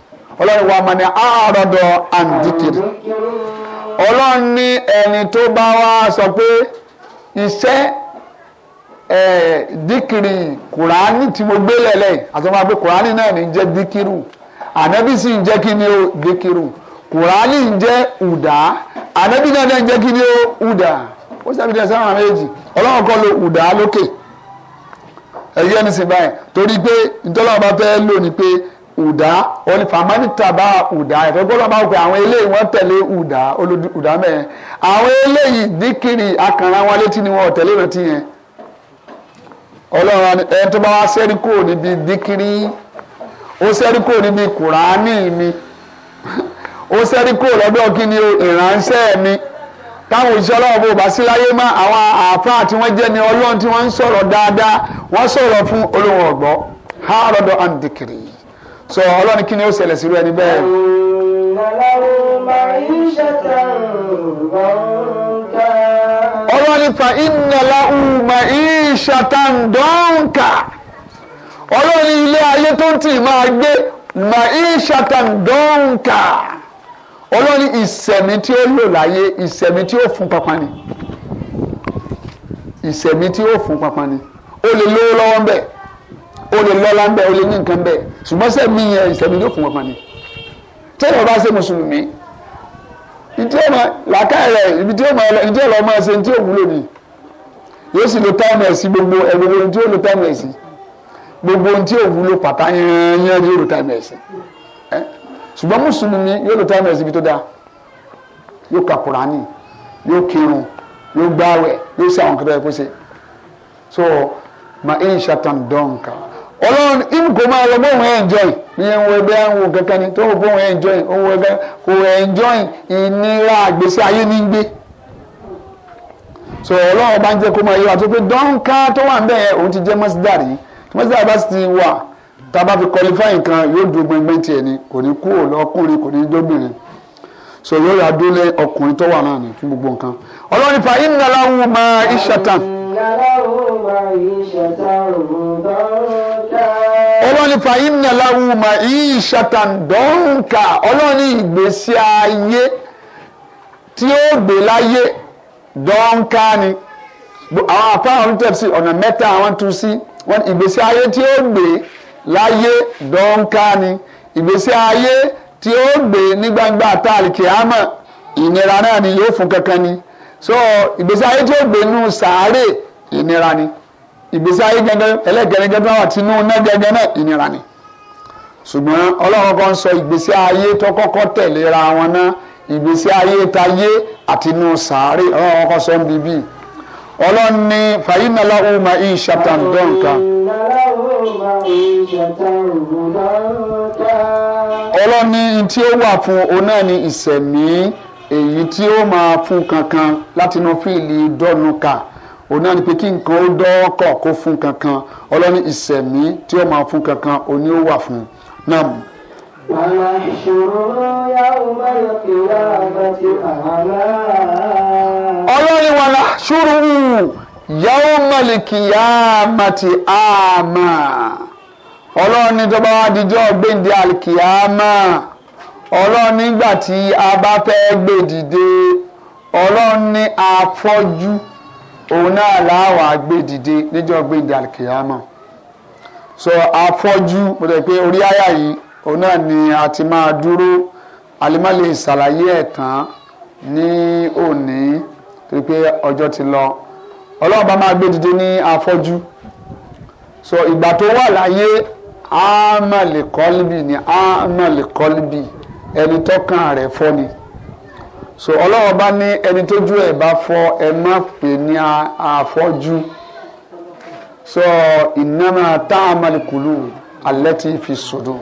ọlọ́run wa mọ̀ ní àárọ̀dọ̀ àǹdíkìrì ọlọ́run ní ẹni tó bá wá sọ pé iṣẹ́ díkìrì kùránì tí mo gbé lẹ̀lẹ̀ àti wọn pé kùránì náà ní jẹ́ díkìrù ànábì sì ń jẹ́ kí ni ó díkìrù kùránì ń jẹ́ ùdá ànábì náà ń jẹ́ kí ni ó ùdá ó sábì dẹ̀ sẹ́wọ̀n méjì ọlọ́run kọ́ lo ùdá lókè ẹ̀yẹ́ ní sìn báyìí torí pé ìtọ́lọ́wọ́ fẹ́ lò ní pé ùdá ó ní fàmánì ùdá ẹ̀fẹ́ gbọ́dọ̀ máa pè àwọn eléyìí wọ́n tẹ̀lé ùdá olódù ùdá mẹ́rin àwọn eléyìí díkìrì wọn létí ni wọn ò tẹ̀lé ìrántí yẹn ẹni tó bá wá seriko kúrò níbi díkìrì ó sẹ́rí kúrò níbi kùránì mi ó kúrò kí ni ìránṣẹ́ mi táwọn òṣìṣẹ́ ọlọ́run bò bá sí láyé mọ́ àwọn àáfàá tí ni ọlọ́run tí wọ́n ń sọ̀rọ̀ dáadáa so ọlọ́ni kí ni ó ṣẹlẹ̀ sírú ẹni bẹ́ẹ̀. ọlọ́ni fa ìnàlá ùmà ìṣàtàn dọ́ǹkà ọlọ́ni ilé ayé tó ń tì máa gbé mà ìṣàtàn dọ́ǹkà ọlọ́ni ìṣẹ̀mí tí ó lò láyé ìṣẹ̀mí tí ó fún papá ni ìṣẹ̀mí tí ó fún papá ni ó lè lówó lọ́wọ́ ń bẹ́ẹ̀ ó lè lọ́lá ń bẹ ó lè ní nǹkan bẹ ṣùgbọ́n sẹ́mi yẹn ìsẹ̀mi yóò fún wọn fani tẹ́lẹ̀ bá ṣe mùsùlùmí ìdí ọmọ làákàyè rẹ̀ ibi tí ọmọ ìdí ọ̀rọ̀ ọmọ ẹsẹ̀ tí òun lò ní yóò sì lo táìmù ẹ̀sìn gbogbo ẹ̀gbogbo ohun tí ó lo táìmù ẹ̀sìn gbogbo ohun tí òun lò pàtà yẹn yẹn yóò lo táìmù ẹ̀sìn ṣùgbọ́n mùsùlùmí yóò lo táìmù ẹ̀sìn ibi tó dáa yóò ka Kùránì yóò kírun yóò gbààwẹ̀ yóò ṣe àwọn kẹtọ́ ṣe so ma in ṣatan dọ́nka. ọlọ́run im máa lọ bóun enjoy ẹgbẹ́ kankan ni tó bóun enjoy ohun ẹgbẹ́ kò enjoy ìnira àgbèsè ayé ní gbé so ọlọ́run ọba ń kó máa tó pé tó wà níbẹ̀ òun ti jẹ́ mọ́sídàrí mọ́sídàrí bá sì ti wà ni kò so yóò yà dúró ọkùnrin tó wà náà ní fún gbogbo nǹkan ọlọ́run fa máa ọlọ́run ní fàyín nàláwù mà yìí ṣàtàndọ́ǹkà ọlọ́run ní ìgbésí ayé tí ó gbé láyé dọ́ǹkà ni àwọn àfáàrùn tẹ̀sí ọ̀nà mẹ́ta àwọn tún sí ìgbésí ayé tí ó gbé láyé dọ́ǹkà ni ìgbésí ayé tí ó gbé ní gbangba àtàlìkì àmọ́ ìnira náà ni yóò fún kankan ni. so ìgbésí ayé tí ó gbé nù sàárè ìnira ni ìgbésí ayé gẹ́gẹ́ ẹlẹ́gẹ́rẹ́gẹ́ tó wà tínú ná gẹgẹ náà ìnira ni ṣùgbọ́n ọlọ́run kan sọ ìgbésí ayé tó kọ́kọ́ tẹ̀léra wọn náà ìgbésí ayé tayé àti inú sàárè ọlọ́run kan sọ ń bíbí ọlọ́run ní fàyínàlá ọmọ yìí ní ó wà fún ọ náà ní èyí tí ó máa fún kankan látinú fíìlì dọ́nùkà òun náà ni pé kí nǹkan ó dọ́ọ̀kọ̀ kó fún kankan ọlọ́ni ìsẹ̀mí tí ó máa fún kankan òní ó wà fún náà. wàhálà ìṣòro yàwó báyọ̀ kí yàrá bá ti àhàlà. ọlọ́ni wàhálà ṣòro yàwó mọ̀lìkì yàmà ti àmà ọlọ́ni tó bá wá dijọ́ gbéǹde àlìkìyàmà. ọlọ́run nígbà tí a bá fẹ́ gbé dìde ọlọ́run ní afọ́jú òun náà láwà gbé dìde níjọ́ gbé so afọ́jú mo tẹ̀ pé orí àyà yìí òun náà ni a ti máa dúró alimọ́lẹ̀ ìsàlàyé ẹ̀tàn tán ní òní torí pé ọjọ́ ti lọ ọlọ́run bá máa gbé ní afọ́jú so ìgbà tó wà láyé ámàlì kọ́líbì ni ámàlì kọ́líbì. ẹni tọ́kàn rẹ̀ fọ́ ni so ọlọ́run bá ní ẹni tójú ẹ̀ bá fọ́ ẹ má pè ní àfọ́jú so ìnáma tá a máa kùlù alẹ́ tí fi sòdò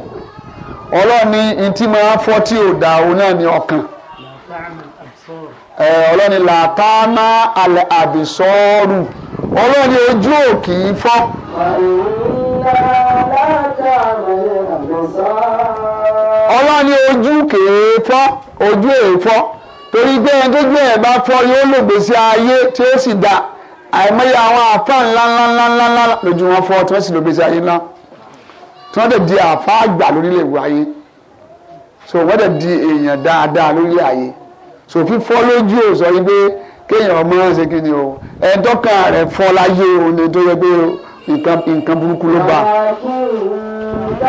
ọlọ́run ní ntí máa fọ́ tí ò dà òun náà ní ọkàn ọlọ́run ní làtàmà alẹ́ àbísọ́ọ̀rù ọlọ́run ní ojú òkì í fọ́. wàhálà látàmà lẹ́yìn ọlọ́run ní ojú kèé fọ́ ojú èé fọ́ torí pé ẹni tó gbé ẹ̀ bá fọ́ yóò lò gbèsè ayé tí ó sì dá àìmọye àwọn àfa ńlá ńlá ńlá ńlá ńlá lójú wọn fọ́ tí wọ́n sì lò gbèsè ayé ńlá tí wọ́n dẹ̀ di àfa àgbà lórílẹ̀ ìwé ayé so wọ́n dẹ̀ di èèyàn dáadáa lórílẹ̀ ayé so fífọ́ lójú ò sọ yí pé kéèyàn ọmọ náà ṣe kí ni o ẹ̀ẹ́dọ́kàn rẹ̀ fọ́ láyé òun ni tó yẹ pé nǹkan burúkú ló bá a so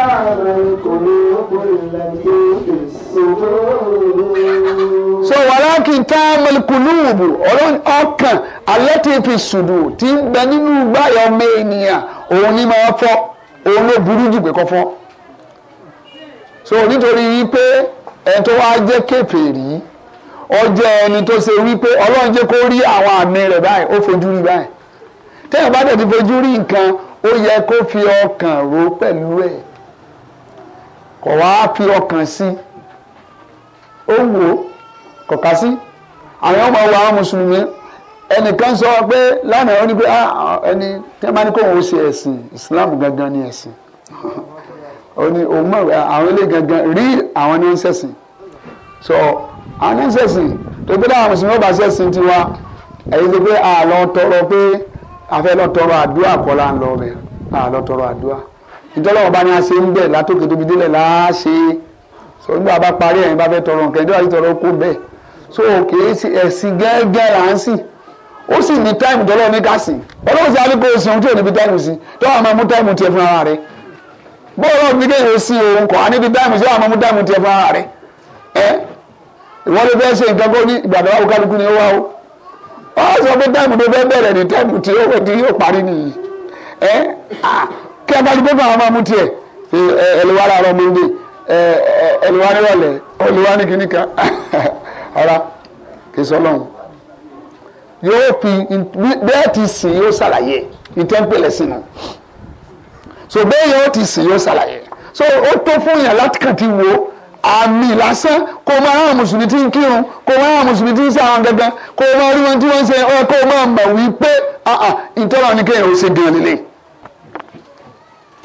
walakin ta'mal qulubu ọlọ́run ọkàn allati fi sudur tí ń bẹ nínú gbáyọ̀ ọmọ ènìyàn òun ni máa fọ́ òun ló burú jù pé kọ́ so nítorí wípé ẹni tó wáá jẹ́ kèfèrí ó jẹ́ ẹni tó ṣe wípé ọlọ́run jẹ́ kó rí àwọn àmì rẹ̀ báyìí ó fojú rí báyìí téèyàn bá dẹ̀ ti fojú rí nǹkan ó yẹ kó fi ọkàn rò pẹ̀lú ẹ̀ kò wá fi ọkàn sí ó wò ó kò ká sí àwọn ọmọ wa àwọn mùsùlùmí ẹnìkan sọ pé lánàá ó ní pé ah, ẹni tí ní kó òun ṣe ẹ̀sìn Islam gangan ni ẹ̀sìn ó ní òun mọ̀ àwọn ilé gangan rí àwọn ní ń ṣẹ̀sìn so àwọn ní ń ṣẹ̀sìn tó gbé láwọn mùsùlùmí ọba ṣẹ̀sìn tiwa èyí ti pé àlọ́ tọrọ pé afẹ́ lọ tọrọ àdúrà kọ́ là ń àlọ́ tọrọ àdúrà ìtọ́lọ́wọ́ bá ní a ṣe ń bẹ̀ látòkè tóbi délẹ̀ láàṣẹ sọ nígbà bá parí ẹ̀yin bá fẹ́ tọrọ nǹkan ìdíwájú tọrọ kó bẹ́ẹ̀ so kìí sí ẹ̀sìn gẹ́gẹ́ là ń sìn ó sì ní táìmù tọ́lọ́ ní ká sìn ọlọ́run sì á ní kó o sìn ohun tí ò níbi táìmù sí tọ́wọ́ àmọ́ mú táìmù tiẹ̀ fún ara rẹ bọ́ọ̀lù ọ̀gbìn kéèyàn sí òun kọ̀ á níbi táìmù sí àmọ́ mú táìmù tiẹ̀ fún ara rẹ ẹ ìwọ́n ló fẹ́ ṣe nǹkan kó ní ìgbàdàn àwọn kálukú ni ó wá o ọ sọ pé táìmù tó fẹ́ bẹ̀rẹ̀ ní táìmù tí ó ti yóò parí nìyí ẹ kí agbádùgbò kan máa mú tiẹ̀ ẹlòmíràn àárọ̀ ni ẹlòmíràn ìrọ̀lẹ́ ni kìíní kan ara kì í sọ lọ́hùn. yóò fi bẹ́ẹ̀ ti sìn yóò ṣàlàyé ìtẹ́ńpẹ̀lẹ̀ sínú so bẹ́ẹ̀ yóò ti sìn yóò ṣàlàyé so ó tó fún yàn láti kàn ti wo àmì lásán kó o máa rán mùsùlùmí tí ń kírun kó o máa rán mùsùlùmí tí ń ṣe àwọn gangan kó o máa rí wọn tí wọ́n ń ṣe ọ kó o máa mọ̀ wípé ìtọ́lọ́ ni kéèyàn ó ṣe gan-an lélẹ́yìn.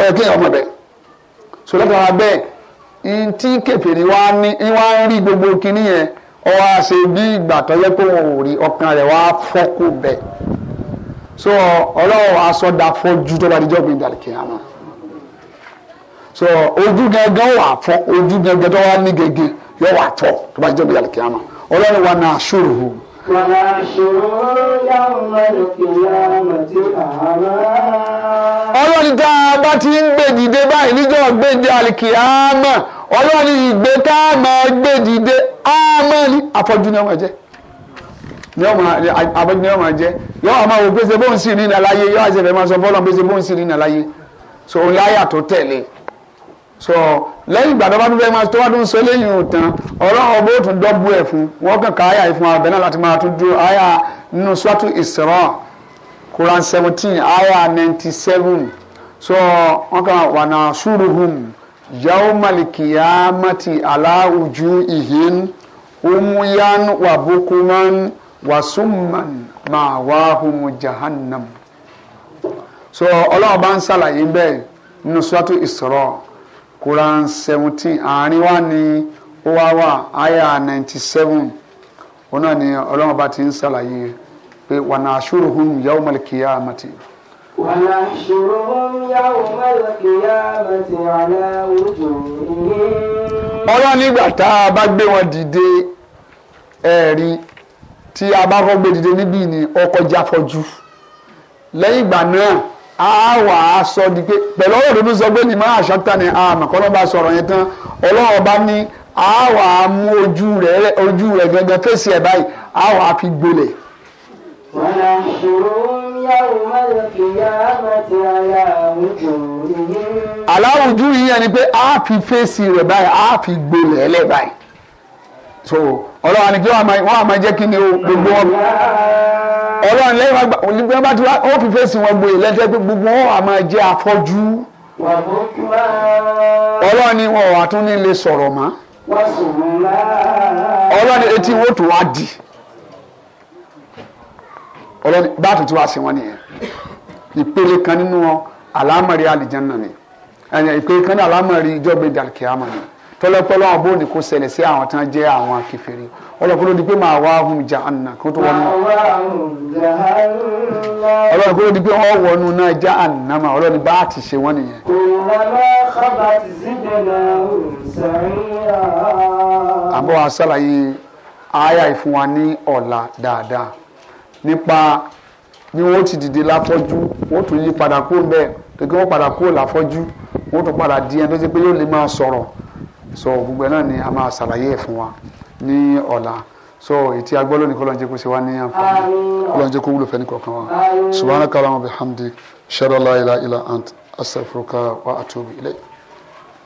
ọ̀yẹ́ kí èèyàn mọ̀ so lọ́kàn wa ní rí gbogbo kinní yẹn ọwọ́ àṣẹ bí ìgbà tó yẹ kó wọn ò rí ọkàn so ọlọ́wọ́ aṣọ tó bá di so ojú gẹ́gẹ́ wà fọ́ ojú tó wà ní yọ wà tó bá di ọlọ́ni tá a bá ti ń gbé dìde báyìí níjọ́ gbéǹde àlìkìyámà ọlọ́ni ìgbé tá a máa gbé dìde àmọ́ ní àfọ́jú ni wọ́n jẹ́ ni wọ́n máa jẹ́ yọ́n máa wò pé bóun sì rí nàláyé yọ́n àti ẹ̀fẹ̀ máa sọ fọ́lọ́n pé bóun sì rí nàláyé so òun láyà tó tẹ̀lé. so lẹ́yìn ìgbà tó bá tún fẹ́ máa tó tún sọ lẹ́yìn òtán ọlọ́run ọgbó tún dọ́gbó ẹ̀ fún wọn kàn ká àyà ìfún abẹ náà láti máa tún dúró àyà nínú sọ́tún Quran seventeen àyà ninety seven so wọn kàn wà umuyan jahannam so ọlọ́run bá ń ṣàlàyé bẹ́ẹ̀ nínú Quran 17 àárín wa ni ó wá wà àyà òun náà ni ọlọ́run bá ti ń ṣàlàyé pé wa nahshuruhum yawmal qiyamati. wa nahshuruhum yawmal qiyamati ala wujuhihim. ọlọ́run a bá gbé wọn dìde tí a bá kọ́ gbé dìde níbí ni ọkọ̀ jáfọ́jú lẹ́yìn náà a sọ di pé pẹ̀lú ọ̀rọ̀ dúdú sọ pé ni àmọ́ kọ́ ló bá sọ̀rọ̀ yẹn tán ọlọ́wọ́ bá a mú ojú rẹ̀ ojú rẹ̀ gangan fèsì ẹ̀ báyìí a fi gbolẹ̀. wàhálà ìṣòro yàwó àyà yìí yẹn ni pé a fi fèsì rẹ̀ báyìí a fi gbolẹ̀ báyìí so ọlọ́wọ́ ni wọ́n jẹ́ ni gbogbo wọn. ọlọ́run lẹ́yìn wọn gbà bá ti wá ó fi fèsì wọn gboyè lẹ́tẹ́ pé gbogbo wọn wà máa jẹ́ afọ́jú. ọlọ́run ni wọn wà tún ní lè sọ̀rọ̀ mọ́. ọlọ́run etí wọn tó wá di ọlọ́run bá tó ti sí wọn nìyẹn ìpele kan nínú àlámọ̀rí àlìjánná ni ìpele kan ní àlámọ̀rí ìjọba ìdàlùkẹ́ àmọ́ nìyẹn tọ́lọ́pọ́lọ́ àwọn bóòdì kò ṣẹlẹ̀ sí àwọn tán jẹ́ àwọn kèfèrí ọlọ́pọ́lọ́ di pé màá wá hùm jà ànà kó tó wọnú. ọlọ́pọ́lọ́ di pé wọ́n wọnú náà já ànà mà ọlọ́ni bá ti ṣe wọ́n nìyẹn. àbọ̀ wa ṣàlàyé àyà ìfún wa ní ọ̀la dáadáa nípa bí wọ́n ti dìde láfọ́jú wọ́n tún yí padà kó bẹ́ẹ̀ kékeré wọ́n padà kó láfọ́jú wọ́n tún padà di ẹni tó ṣe pé yóò lè máa sọ̀rọ̀ so gbogbo ẹ̀ náà ni a máa ṣàlàyé ẹ̀ fún wa ní ọ̀la so ìtí agbọ́lọ́ ní kọ́lọ́njẹ́ kó ṣe wá ní àǹfààní kọ́lọ́njẹ́ kó wúlò fẹ́ni kọ̀ọ̀kan wa subhanaka wa bihamdi shadala ila ila ant astaghfiruka wa atubu ilayk.